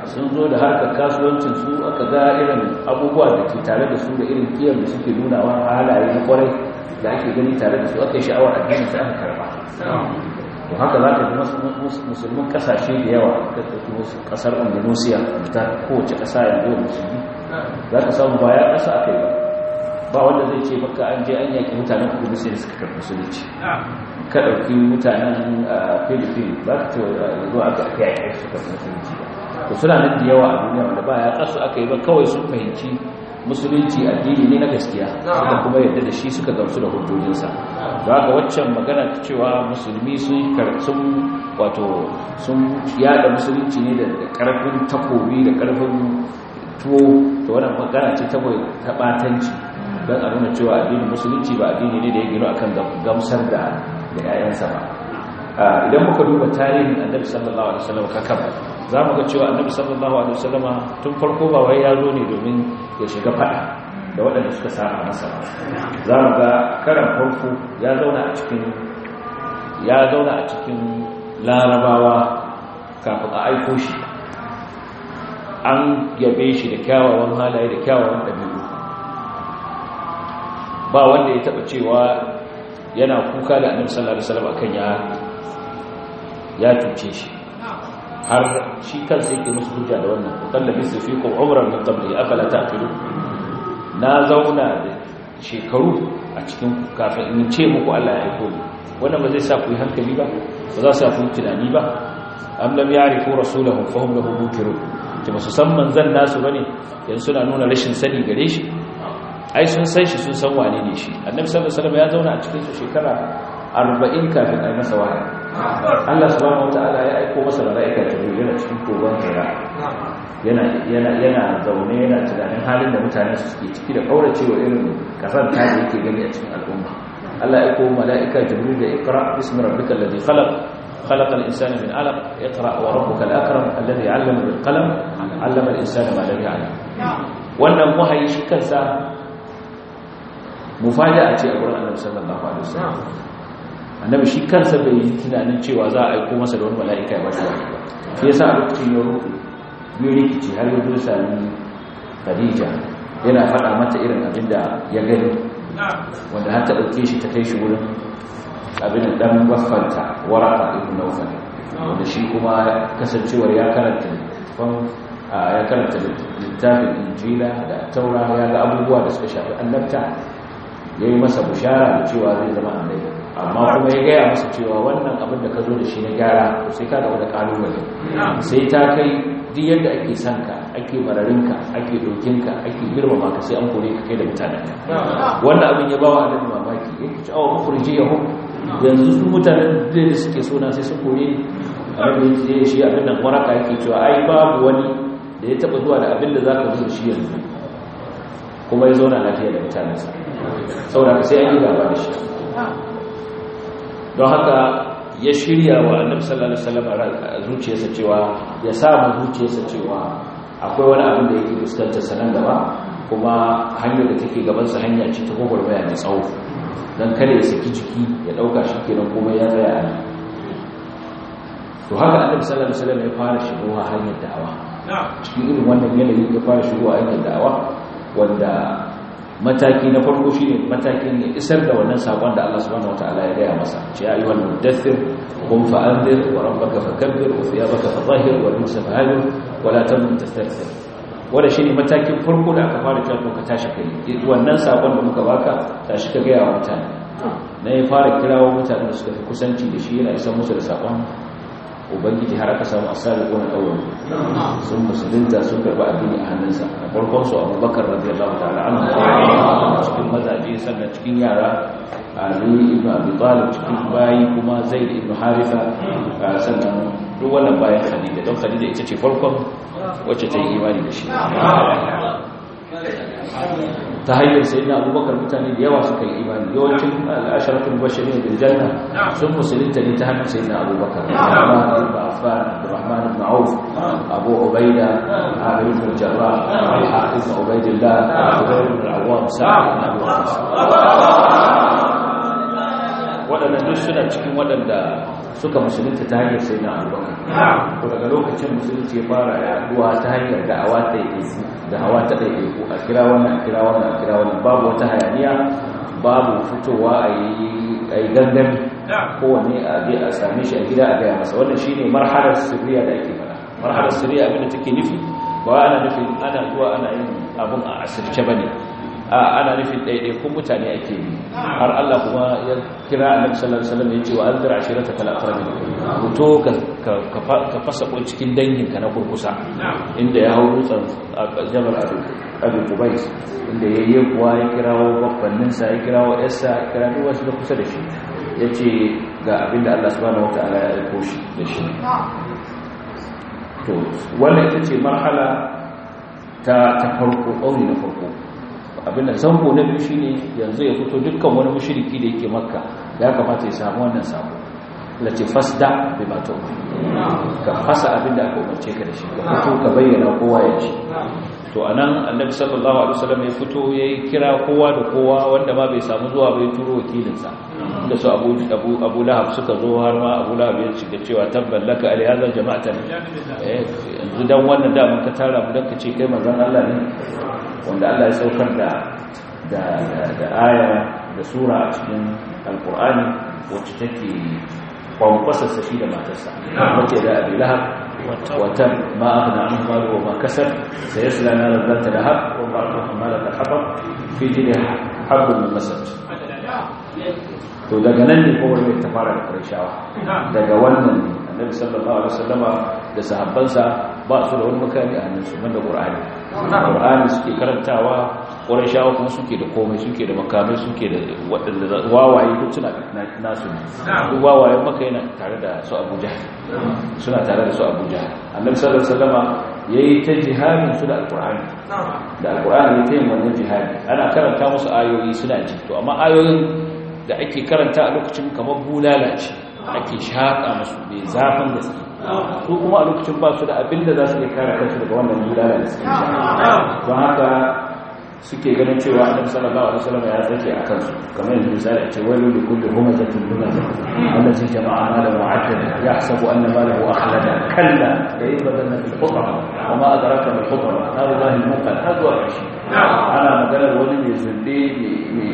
Speaker 1: sun zo da harkar kasuwancin su aka ga irin abubuwa da ke tare da su da irin kiyar da suke nuna wa halaye na kwarai da ake gani tare da su aka yi sha'awar addinin su aka karba. to haka za ka yi musulmin kasashe da yawa da fi wasu kasar indonesia da ta kowace kasa yanzu da musulmi za ka samu baya kasa a kai ba ba wanda zai ce baka an je an yaki mutanen kudu sai da suka karfi musulunci ka ɗauki mutanen filifin za ka ce zuwa aka aka yaƙi suka karɓi musulunci to suna nan da yawa a duniya wanda ba ya kasu aka yi ba kawai sun fahimci musulunci addini ne na gaskiya suka kuma yadda da shi suka gamsu da hujjojinsa za ga waccan magana cewa musulmi sun karsun wato sun yada musulunci ne da karfin takobi da karfin tuwo da wadda magana ce ta batanci don a nuna cewa addini musulunci ba addini ne da ya gino akan gamsar da 'ya'yansa ba ah, idan muka duba tarihin annabi sallallahu alaihi wasallam kakan za mu ga cewa annabi sallallahu alaihi wasallama tun farko ba wai ya zo ne domin ya shiga fada da waɗanda suka saba masa za mu ga karan farko ya zauna a cikin ya zauna a cikin larabawa kafin a aiko shi an yabe shi da kyawawan halaye da kyawawan ɗabi'u ba wanda ya taɓa cewa yana kuka da annabi sallallahu alaihi wasallama kan ya ya tuce shi har shi kan kansa yake musu hujja da wannan kallabi su fi ku umran min qabli afala ta'qilu na zauna da shekaru a cikin kafin in ce muku Allah ya aiko ni wannan ba zai sa ku yi hankali ba ba za su sa ku tunani ba am lam ya'rifu rasulahum fa hum lahu mukiru ki ba su san manzan nasu bane yanzu suna nuna rashin sani gare shi ai sun san shi sun san wane ne shi annabi sallallahu alaihi wasallam ya zauna a cikin su shekara 40 kafin ai masa wahayi Allah subhanahu wataala ya aiko masa mala'ika ta biyu yana cikin kogon hira yana yana yana zaune yana tunanin halin da mutane suke ciki da kauracewa irin kasar ta da yake gani a cikin al'umma Allah ya aiko mala'ika jibril da ikra bismi rabbikal ladhi khalaq خلق الإنسان من علق اقرأ وربك الأكرم الذي علم بالقلم علم الإنسان ما لم يعلم wannan wahayi shi kansa mufaja'a ce a wurin annabi sallallahu alaihi wasallam annabi shi kansa bai yi tunanin cewa za a aiko masa da wani mala'ika ya ba shi yasa a lokacin ya rufe biyu rikici har yanzu ya sami khadija yana faɗa mata irin abin da ya gani wanda har ta ɗauke shi ta kai shi wurin abin da ɗan wafanta waraka ibn naufal wanda shi kuma kasancewar ya karanta ya karanta littafin injila da taura ya ga abubuwa da suka shafi annabta ya yi masa bushara da cewa zai zama annabi amma kuma ya gaya masa cewa wannan abin da ka zo da shi na gyara to sai ka gaba da kalubale sai ta kai duk yadda ake son ka ake bararinka ake dokinka ake girmama ka sai an kore ka kai da mutanen ka wannan abin ya bawa annabi mamaki ya ce awa mafurji ya hu yanzu su mutanen da suke so na sai su kore annabi ya ya shi abin nan waraka yake cewa ai babu wani da ya taba zuwa da abin da zaka zo da shi yanzu kuma ya zauna lafiya da mutanen sa saboda sai an yi gaba da shi don haka ya shirya wa annabi sallallahu alaihi wasallam zuciyarsa cewa ya samu zuciyarsa cewa akwai wani abin da yake fuskantar sanan gaba kuma hanyar da take gaban sa hanya ce ta baya da tsawo don kada ya saki jiki ya dauka shi kenan komai ya tsaya a nan to haka annabi sallallahu alaihi wasallam ya fara shigo hanyar da'awa cikin irin wannan yanayi ya fara shigo hanyar da'awa wanda mataki na farko shine matakin ne isar da wannan sakon da Allah subhanahu ta'ala ya gaya masa ce ya ayyuhal mudaththir qum fa'anzir wa rabbaka fakabbir wa thiyabaka fadhahir wa nusa fa'al wa la tamnun tastaghfir shi shine matakin farko da aka fara cewa ka tashi kai wannan sakon da muka baka tashi ka gaya wa mutane na ya fara kirawo mutane da suka fi kusanci da shi yana isa musu da sakon ubangiji har aka samu asabiqun al sun musulunta sun karba addini a hannunsa a farkon su Abubakar radiyallahu ta'ala a cikin mazaje sannan cikin yara Ali ibn Abi Talib cikin bayi kuma Zaid ibn a sannan duk wannan bayan Khadija don Khadija ita ce farkon wacce ta yi imani da shi ta hanyar sayyidina abubakar mutane da yawa suka yi imani yawancin al'asharatul bashirin bil janna sun musulunta ne ta hannun sayyidina abubakar Umar ibn Affan Abdurrahman ibn Auf Abu Ubaida Amir ibn Jarrah Al-Hafiz Ubaidillah Zubair ibn Awwam Sa'd ibn Abi Waɗannan duk suna cikin waɗanda suka musulunta ta hanyar sai na abubakar ko daga lokacin musulunci ya fara yaduwa ta hanyar da awa ta da da'awa ta ko a kira wannan a kira wannan a kira wannan babu wata hayaniya babu fitowa a yi gangami kowane a je a sami shi a gida a gaya masa wannan shine marhalar sirriya da ake fara marhalar sirriya abinda take nufi ba ana nufin ana zuwa ana yin abun a asirce bane ana nufin kun mutane ake yi har Allah kuma ya kira annabi sallallahu alaihi ya ce wa anzir ashirata kal ne mutu ka fasa ko cikin dangin ka na kurkusa inda ya hau dutsen a jamar abu kubais inda ya yi kuwa ya kirawo babbannin sa ya kirawo yarsa ya kira duk wasu da kusa da shi ya ce ga abin da Allah subhanahu ta'ala ya aiko shi da shi to wannan ita ce marhala ta farko kauli na farko abinda zango na biyu shine yanzu ya fito dukkan wani mushriki da yake makka ya kamata ya samu wannan sabo lati fasda bi ma tawfi ka fasa abinda aka umarce ka da shi ka fito ka bayyana kowa ya ci to anan annabi sallallahu alaihi wasallam ya fito yayi kira kowa da kowa wanda ma bai samu zuwa bai turo sa da su abu abu abu lahab suka zo har ma abu lahab ya shiga cewa tabban laka ali hadha jama'atan eh yanzu dan wannan da mun ka tara mu dan ka ce kai manzon Allah ne wanda Allah ya saukar da da aya da sura a cikin alkur'ani wacce take kwankwasa sashi da matarsa wacce da abi lahab watan ma abna an ya wa ma kasab sayasla naran zata lahab wa ba'dahu malaka hatab fi dinin habbun min masad
Speaker 3: to daga nan ne kowar mai
Speaker 1: ta fara da daga wannan annabi sallallahu alaihi wasallama da sahabbansa ba su da wani makami a hannunsu da ƙur'ani. ƙur'ani suke karantawa ƙwarar shawo kuma suke da komai suke da makamai suke da waɗanda wawaye duk suna nasu ne duk wawaye maka yana tare da su abuja suna tare da su abuja annabi sallallahu alaihi wasallama yayi ta jihadin su da alƙur'ani da alƙur'ani ya tayin wannan jihadi ana karanta musu ayoyi suna ji to amma ayoyin da ake karanta a lokacin kamar bulala ce ake shaƙa musu bai zafin gaske su kuma a lokacin ba su da abin da za su iya kare kansu daga wannan gudanar da suke don haka suke ganin cewa annabi sallallahu alaihi wasallam ya tsake a kansu kamar yanzu misali a ce wani da kullu humazatin lumaza wanda zai jama'a da mu'addad ya hasabu anna malahu akhlada kalla da yi badanna bil khutba wa ma adraka bil ta hadallahi muqal shi. ana maganar wani mai zunde mai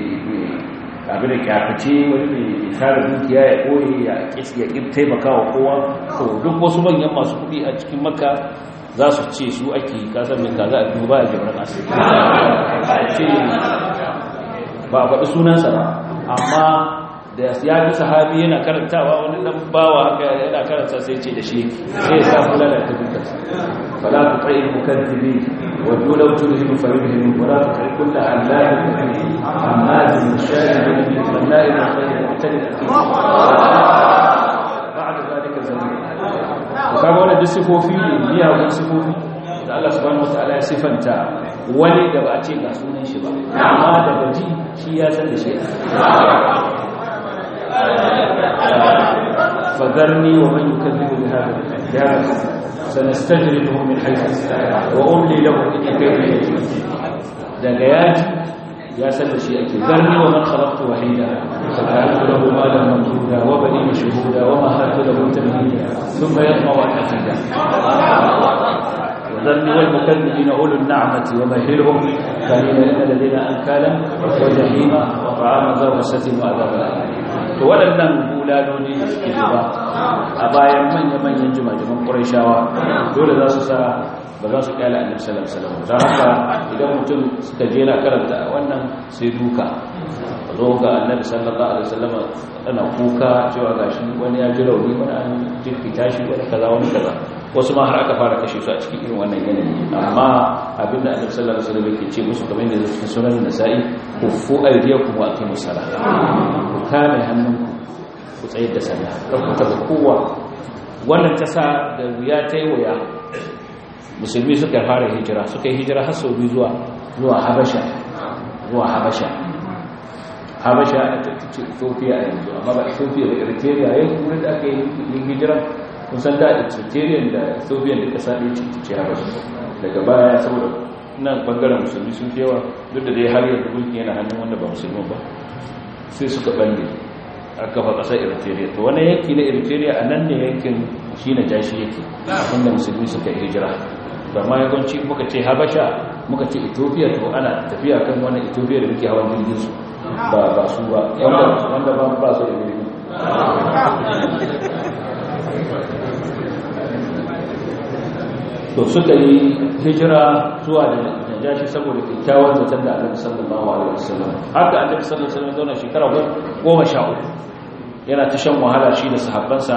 Speaker 1: abin da kyaface wani mai tara dukiya ya koyi ya ƙi ya taimaka wa kowa Ko duk wasu manyan masu kuɗi a cikin maka za su ce su ake kasar mai kaza a duba a jimar asiri ba a faɗi sunansa ba amma da ya fi sahabi yana karantawa wani nan bawa haka yana karanta sai ce da shi sai ya samu lalata dukansu fala ku kan mukaddibi wa dole ku mu turhim farihim wa la amma kull shari'a da shay'in wallahi ma da mutalin ba'da zalika zamir ka ga wannan sifofi ne biya wannan sifofi da Allah subhanahu wataala ya sifanta wani da ba a ce ga sunan shi ba amma da gaji shi ya san da shi فذرني ومن يكذب بهذا الحديث سنستجلبهم من حيث وأملي له إن كيف دليات يا سل شيئك ذرني ومن خلقت وحيدا فجعلت له مالا ممدودا وبنين شهودا ومهدت له تمهيدا ثم يطمع ان ازيد وذرني والمكذبين اولو النعمه ومهلهم قليلا ان لدينا انكالا وجحيما وطعاما ذا غشه واذى to waɗannan bulaloli da suke zuba a bayan manya-manyan jimajiman ƙurashawa dole za su sa ba za su kyala annabi salam-salam wasallam haka idan mutum suka je karanta karanta wannan sai duka zo ga annabi salam-salam ana kuka cewa gashi wani ya ji rauni wani an tashi shi wani kaza wani kaza wasu ma har aka fara kashe su a cikin irin wannan yanayi amma abinda annabi sallallahu alaihi wasallam yake ce musu kamar yadda cikin sunan nasa'i ku fu aydiyakum wa aqimu salah ku kame hannunku ku tsayar da sallah kar ku taba kowa wannan ta sa da wuya ta yi wuya musulmi suka fara hijira suka yi hijira har sau biyu zuwa zuwa habasha zuwa habasha habasha a ethiopia yanzu amma ba ethiopia da eritrea yanzu wurin da aka yi hijira kusan da eritrean da soviet da kasa ɗaya ce ce basu daga baya saboda nan bangaren musulmi sun fi wa duk da dai har yadda mulki yana hannun wanda ba musulmi ba sai suka bange a kafa ƙasar eritrea to wani yanki na eritrea a nan ne yankin shi na jashi yake wanda musulmi suka hijira ba ma yawanci muka ce habasha muka ce ethiopia to ana tafiya kan wani ethiopia da muke hawan jirgin su ba ba su ba wanda ba su da jirgin to suka yi hijira zuwa da najashi saboda kyakkyawar zaton da annabi sallallahu alaihi wasallam haka annabi sallallahu alaihi wasallam zauna shekara goma sha uku yana ta shan wahala shi da sahabbansa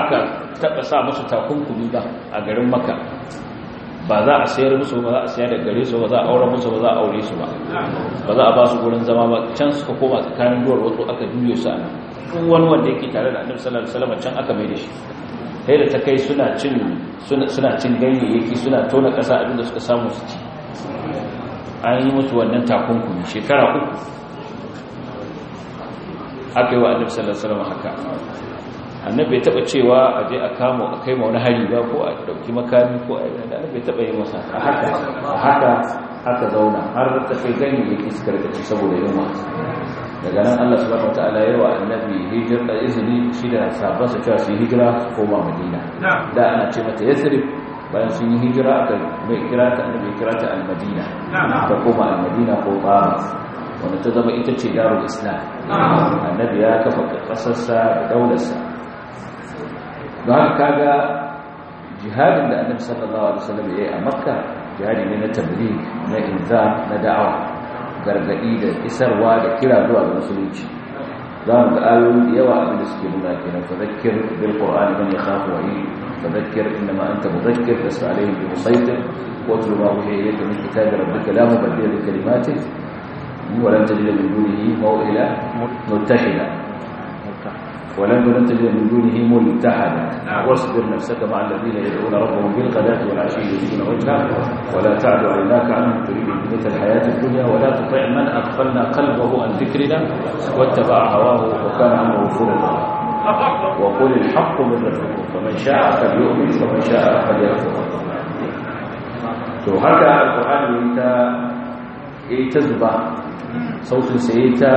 Speaker 1: aka taɓa sa masu takunkumi ba a garin maka. ba za a sayar musu ba za a sayar da gare su ba za a aure musu ba za a aure su ba ba za a ba su gurin zama ba can suka koma tsakanin duwar wato aka juyo su ana kun wani wanda yake tare da annabi sallallahu alaihi wasallam can aka maida da shi sai da ta kai suna cin suna cin ganyayyaki suna tona kasa abin da suka samu su ci an yi musu wannan takunkumi shekara uku aka yi wa annabi sallallahu alaihi wasallam haka annabi ya taba cewa a je a kama a kai wani hari ba ko a dauki makami ko a yana annabi ya taba yi masa a haka a haka aka zauna har ta kai gani da iskar da ci saboda yunwa daga nan Allah subhanahu wataala yawa annabi hijir da izini shi da sabon su cewa su hijira koma madina da ana ce mata sirif bayan sun yi hijira aka mai kira ta annabi kira ta almadina ta koma almadina ko ba wani ta zama ita ce darul islam annabi ya kafa kasarsa da daularsa don haka kaga jihadin da annabi sallallahu alaihi wasallam ya yi a makka jihadi ne na tabligh na inza na da'awa gargadi da isarwa da kira zuwa ga musulunci za mu ga ayoyi yawa abin da suke nuna kenan fadakkir bil qur'ani man yakhafu wa'id fadakkir inma anta mudakkir lasta alaihim bi musaytir واتل ما اوحي اليك من كتاب ربك لا مبدل لكلماته ولن تجد من دونه موئلا متحدا ولن تنتج من دونه ملتحدا نعم. واصبر نفسك مع الذين يدعون ربهم بالغداة والعشي يريدون وجهه ولا تعد عيناك عنهم تريد بنية الحياة الدنيا ولا تطع من أغفلنا قلبه عن ذكرنا واتبع هواه وكان عنه فردا وقل الحق من ربكم فمن شاء فليؤمن ومن شاء فليكفر to haka alƙur'ani ta yi ta zuba sautinsa ya ta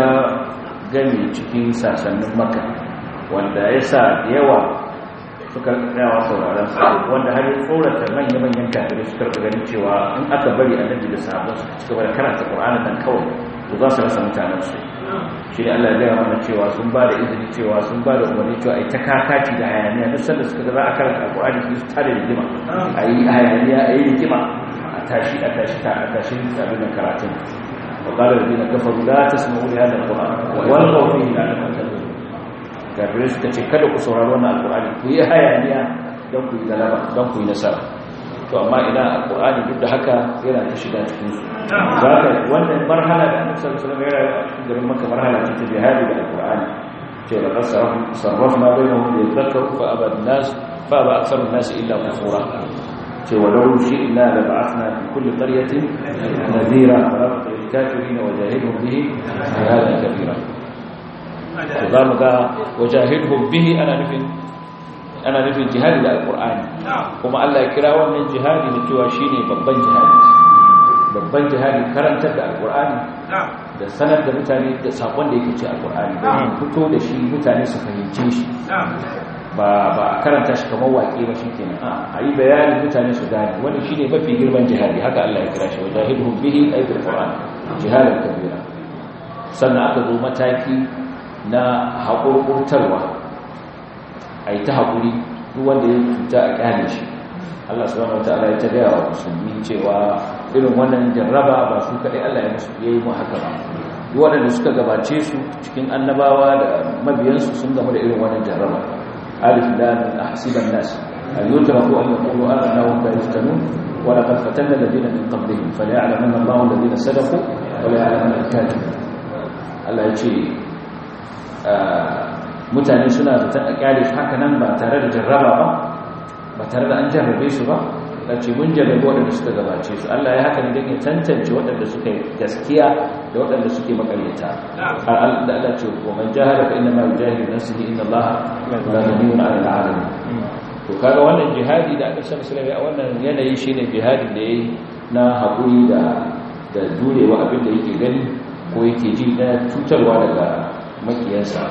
Speaker 1: gami cikin sassanin maka wanda ya sa yawa suka tsayawa sauraron su wanda har ya tsorata manya-manyan kafirai suka rika ganin cewa in aka bari a annabi da sabon su suka bari karanta qur'ani dan kawai to za su rasa mutanen su shi ne Allah ya gaya mana cewa sun ba da izini cewa sun ba da umarni cewa yi ta kakaci da hayaniya duk sanda suka za a karanta qur'ani su ta tare rigima yi hayaniya a yi rigima a tashi a tashi ta a tashi abin karatun وقال الذين كفروا لا تسمعوا لهذا القرآن والغوا فيه لعلكم تتقون gargare suka ce kada ku saurari wannan alkur'ani ku yi hayaniya don ku yi galaba don ku yi nasara to amma ina alkur'ani duk da haka yana ta shiga cikin su za ka wannan marhala da annabi sallallahu alaihi wasallam ya rayu cikin garin maka marhala ce ta jihadi da alkur'ani ce da kasarafu sarrafna bainahum li yadhakkaru fa aba an-nas fa aba aktharu nas illa kufura ce walau shi'na la ba'athna fi kulli qaryatin nadhira fa la tukathirina wa jahidhum bihi jihadi kabira to za mu ga wajahidhum bihi ana nufin jihadi da alqur'ani kuma Allah ya kira wannan jihadi da cewa shine babban jihadi babban jihadi karantar da alqur'ani da sanar da mutane da sakon da yake ci alqur'ani don fito da shi mutane su fahimce shi ba ba karanta shi kamar waƙe ba kenan a yi bayanin mutane su gane wani shine mafi girman jihadi haka Allah ya kira shi wajahidhum bihi ay bil jihadin kabira sannan aka zo mataki na haƙurƙurtarwa a yi ta haƙuri duk wanda ya cuta a ƙyale shi Allah subhanahu wa ta'ala ya ta gaya wa musulmi cewa irin wannan jarraba ba su kaɗai Allah ya musu ya yi mu haka ba waɗanda suka gabace su cikin annabawa da mabiyansu sun gama da irin wannan jarraba alif nasi. A yi hal ko an yi yaqulu amanna wa qad yuftanun wa laqad fatanna alladhina min qablihim falyaalamanna Allahu alladhina sadaqu wa ya ya'lamanna al-kadhibin Allah ya ce mutane suna zaton a kyale haka nan ba tare da jarraba ba ba tare da an jarrabe su ba da ce mun jarrabe waɗanda suka gabace su Allah ya haka ne don ya tantance waɗanda suka yi gaskiya da waɗanda suke makaryata har Allah da ce wa man jahara fa inna ma yujahidu nafsihi inna Allah la yudhi'u ala al-alamin to kaga wannan jihadi da aka san musulmi a wannan yanayi shine jihadi da yayi na haƙuri da da durewa abin da yake gani ko yake ji na cutarwa daga مكياسا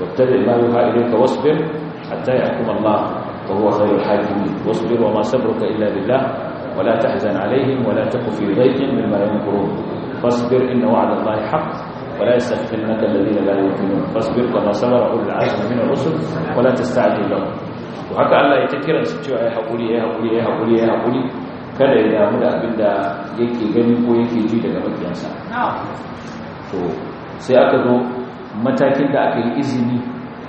Speaker 1: وابتدع ما يوحى إليك واصبر حتى يحكم الله وهو خير الحاكمين واصبر وما صبرك إلا بالله ولا تحزن عليهم ولا تقف في ضيق مما ينكرون فاصبر إن وعد الله حق ولا يستخدمك الذين لا يؤمنون فاصبر كما صبر أول العاشر من الرسل ولا تستعجل لهم وحكى الله يتكرا ستشوى يا حقولي يا حقولي يا حقولي يا حقولي كان إلى مدى بدا يكي جنب ويكي جيدة كما انسان نعم سيأكدوا matakin da aka yi izini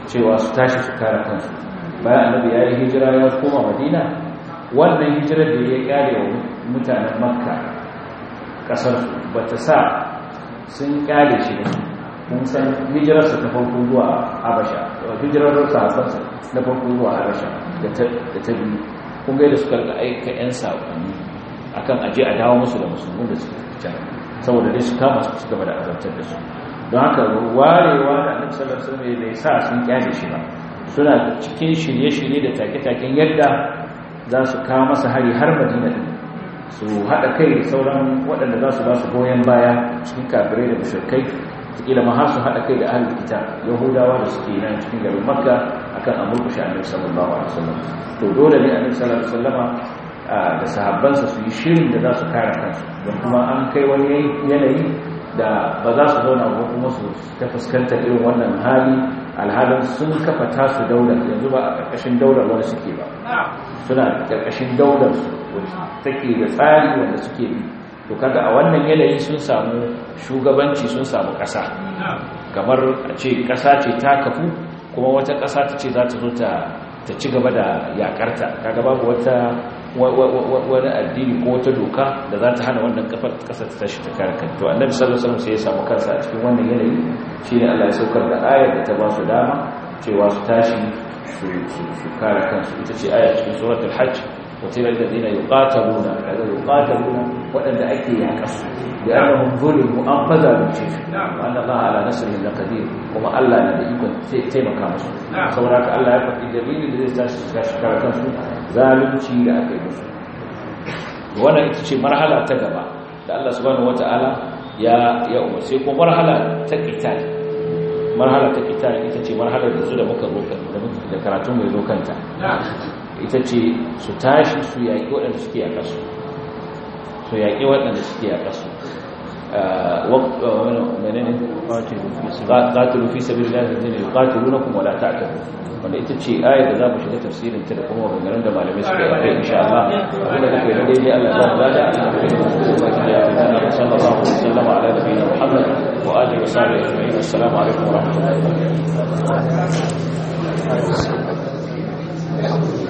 Speaker 1: cewa su tashi su kara kansu bayan annabi ya yi hijira ya koma madina wannan hijirar da ya kyale wa mutanen makka kasar ba ta sa sun kyale shi da su kun san su ta farko zuwa Abasha, da hijirar sahabarsa na farko zuwa Abasha da ta biyu kun gaida suka aika 'yan saƙonni akan aje a dawo musu da musulman da suka fi can saboda dai su kama su gaba da azabtar da su don haka warewa da annabi sallallahu alaihi wasallam bai sa sun kyale shi ba suna cikin shirye-shirye da take-taken yadda za su kawo masa hari har madina su haɗa kai da sauran waɗanda za su ba su goyon baya cikin kafirai da mushrikai kila ma su haɗa kai da ahlul kitab yahudawa da suke nan cikin garin makka akan amurkushe annabi sallallahu alaihi wasallam to dole ne annabi sallallahu alaihi wasallama ah, da sahabbansa su yi shirin da za su kare kansu don kuma an kai wani yanayi da ba za su zauna ba kuma su ta fuskantar irin wannan hali alhalin sun kafa tasu daular yanzu ba a ƙarƙashin daular wani suke ba suna ƙarƙashin daular su take da tsari wanda suke bi to kaga a wannan yanayi sun samu shugabanci sun samu ƙasa kamar a ce ƙasa ce ta kafu kuma wata ƙasa ta ce za ta zo ta ci gaba da yakarta kaga babu wata wani addini ko wata doka da za ta hana wannan kafar kasa ta tashi ta kare kanta wanda misali sun sai ya samu kansa a cikin wannan yanayi shi ne allah ya saukar da ayar ta ba su dama cewa su tashi su kare kansu ita ce ayar cikin tsohon alhaj wata yadda dina yi kata nuna daga yi kata nuna waɗanda ake yi a kasu da yana mun zuri an faza mun ce wanda ba ala nasiru na kadir kuma allah na da ikon taimaka musu sauraka allah ya faɗi da mini da zai tashi su kare kansu zalunci da aka yi musu wannan ita ce marhala ta gaba da Allah subhanahu wata'ala ya ya umarce ko marhala ta kitali marhala ta kitali ita ce marhalar da su da muka roka da karatun mai zo kanta ita ce su tashi su yaƙi waɗanda suke a kasu su yaƙi waɗanda suke a kasu قاتلوا في سبيل الله الذين يقاتلونكم ولا تعتدوا wanda ita ce ayar da za mu shiga tafsirin ta da kuma maganganun da malamai suka yi akai insha Allah abinda kake da daidai Allah za mu bada a cikin wannan sallallahu alaihi wasallam ala nabiyina Muhammad wa alihi wa sahbihi ajma'in assalamu alaikum wa rahmatullahi wa barakatuh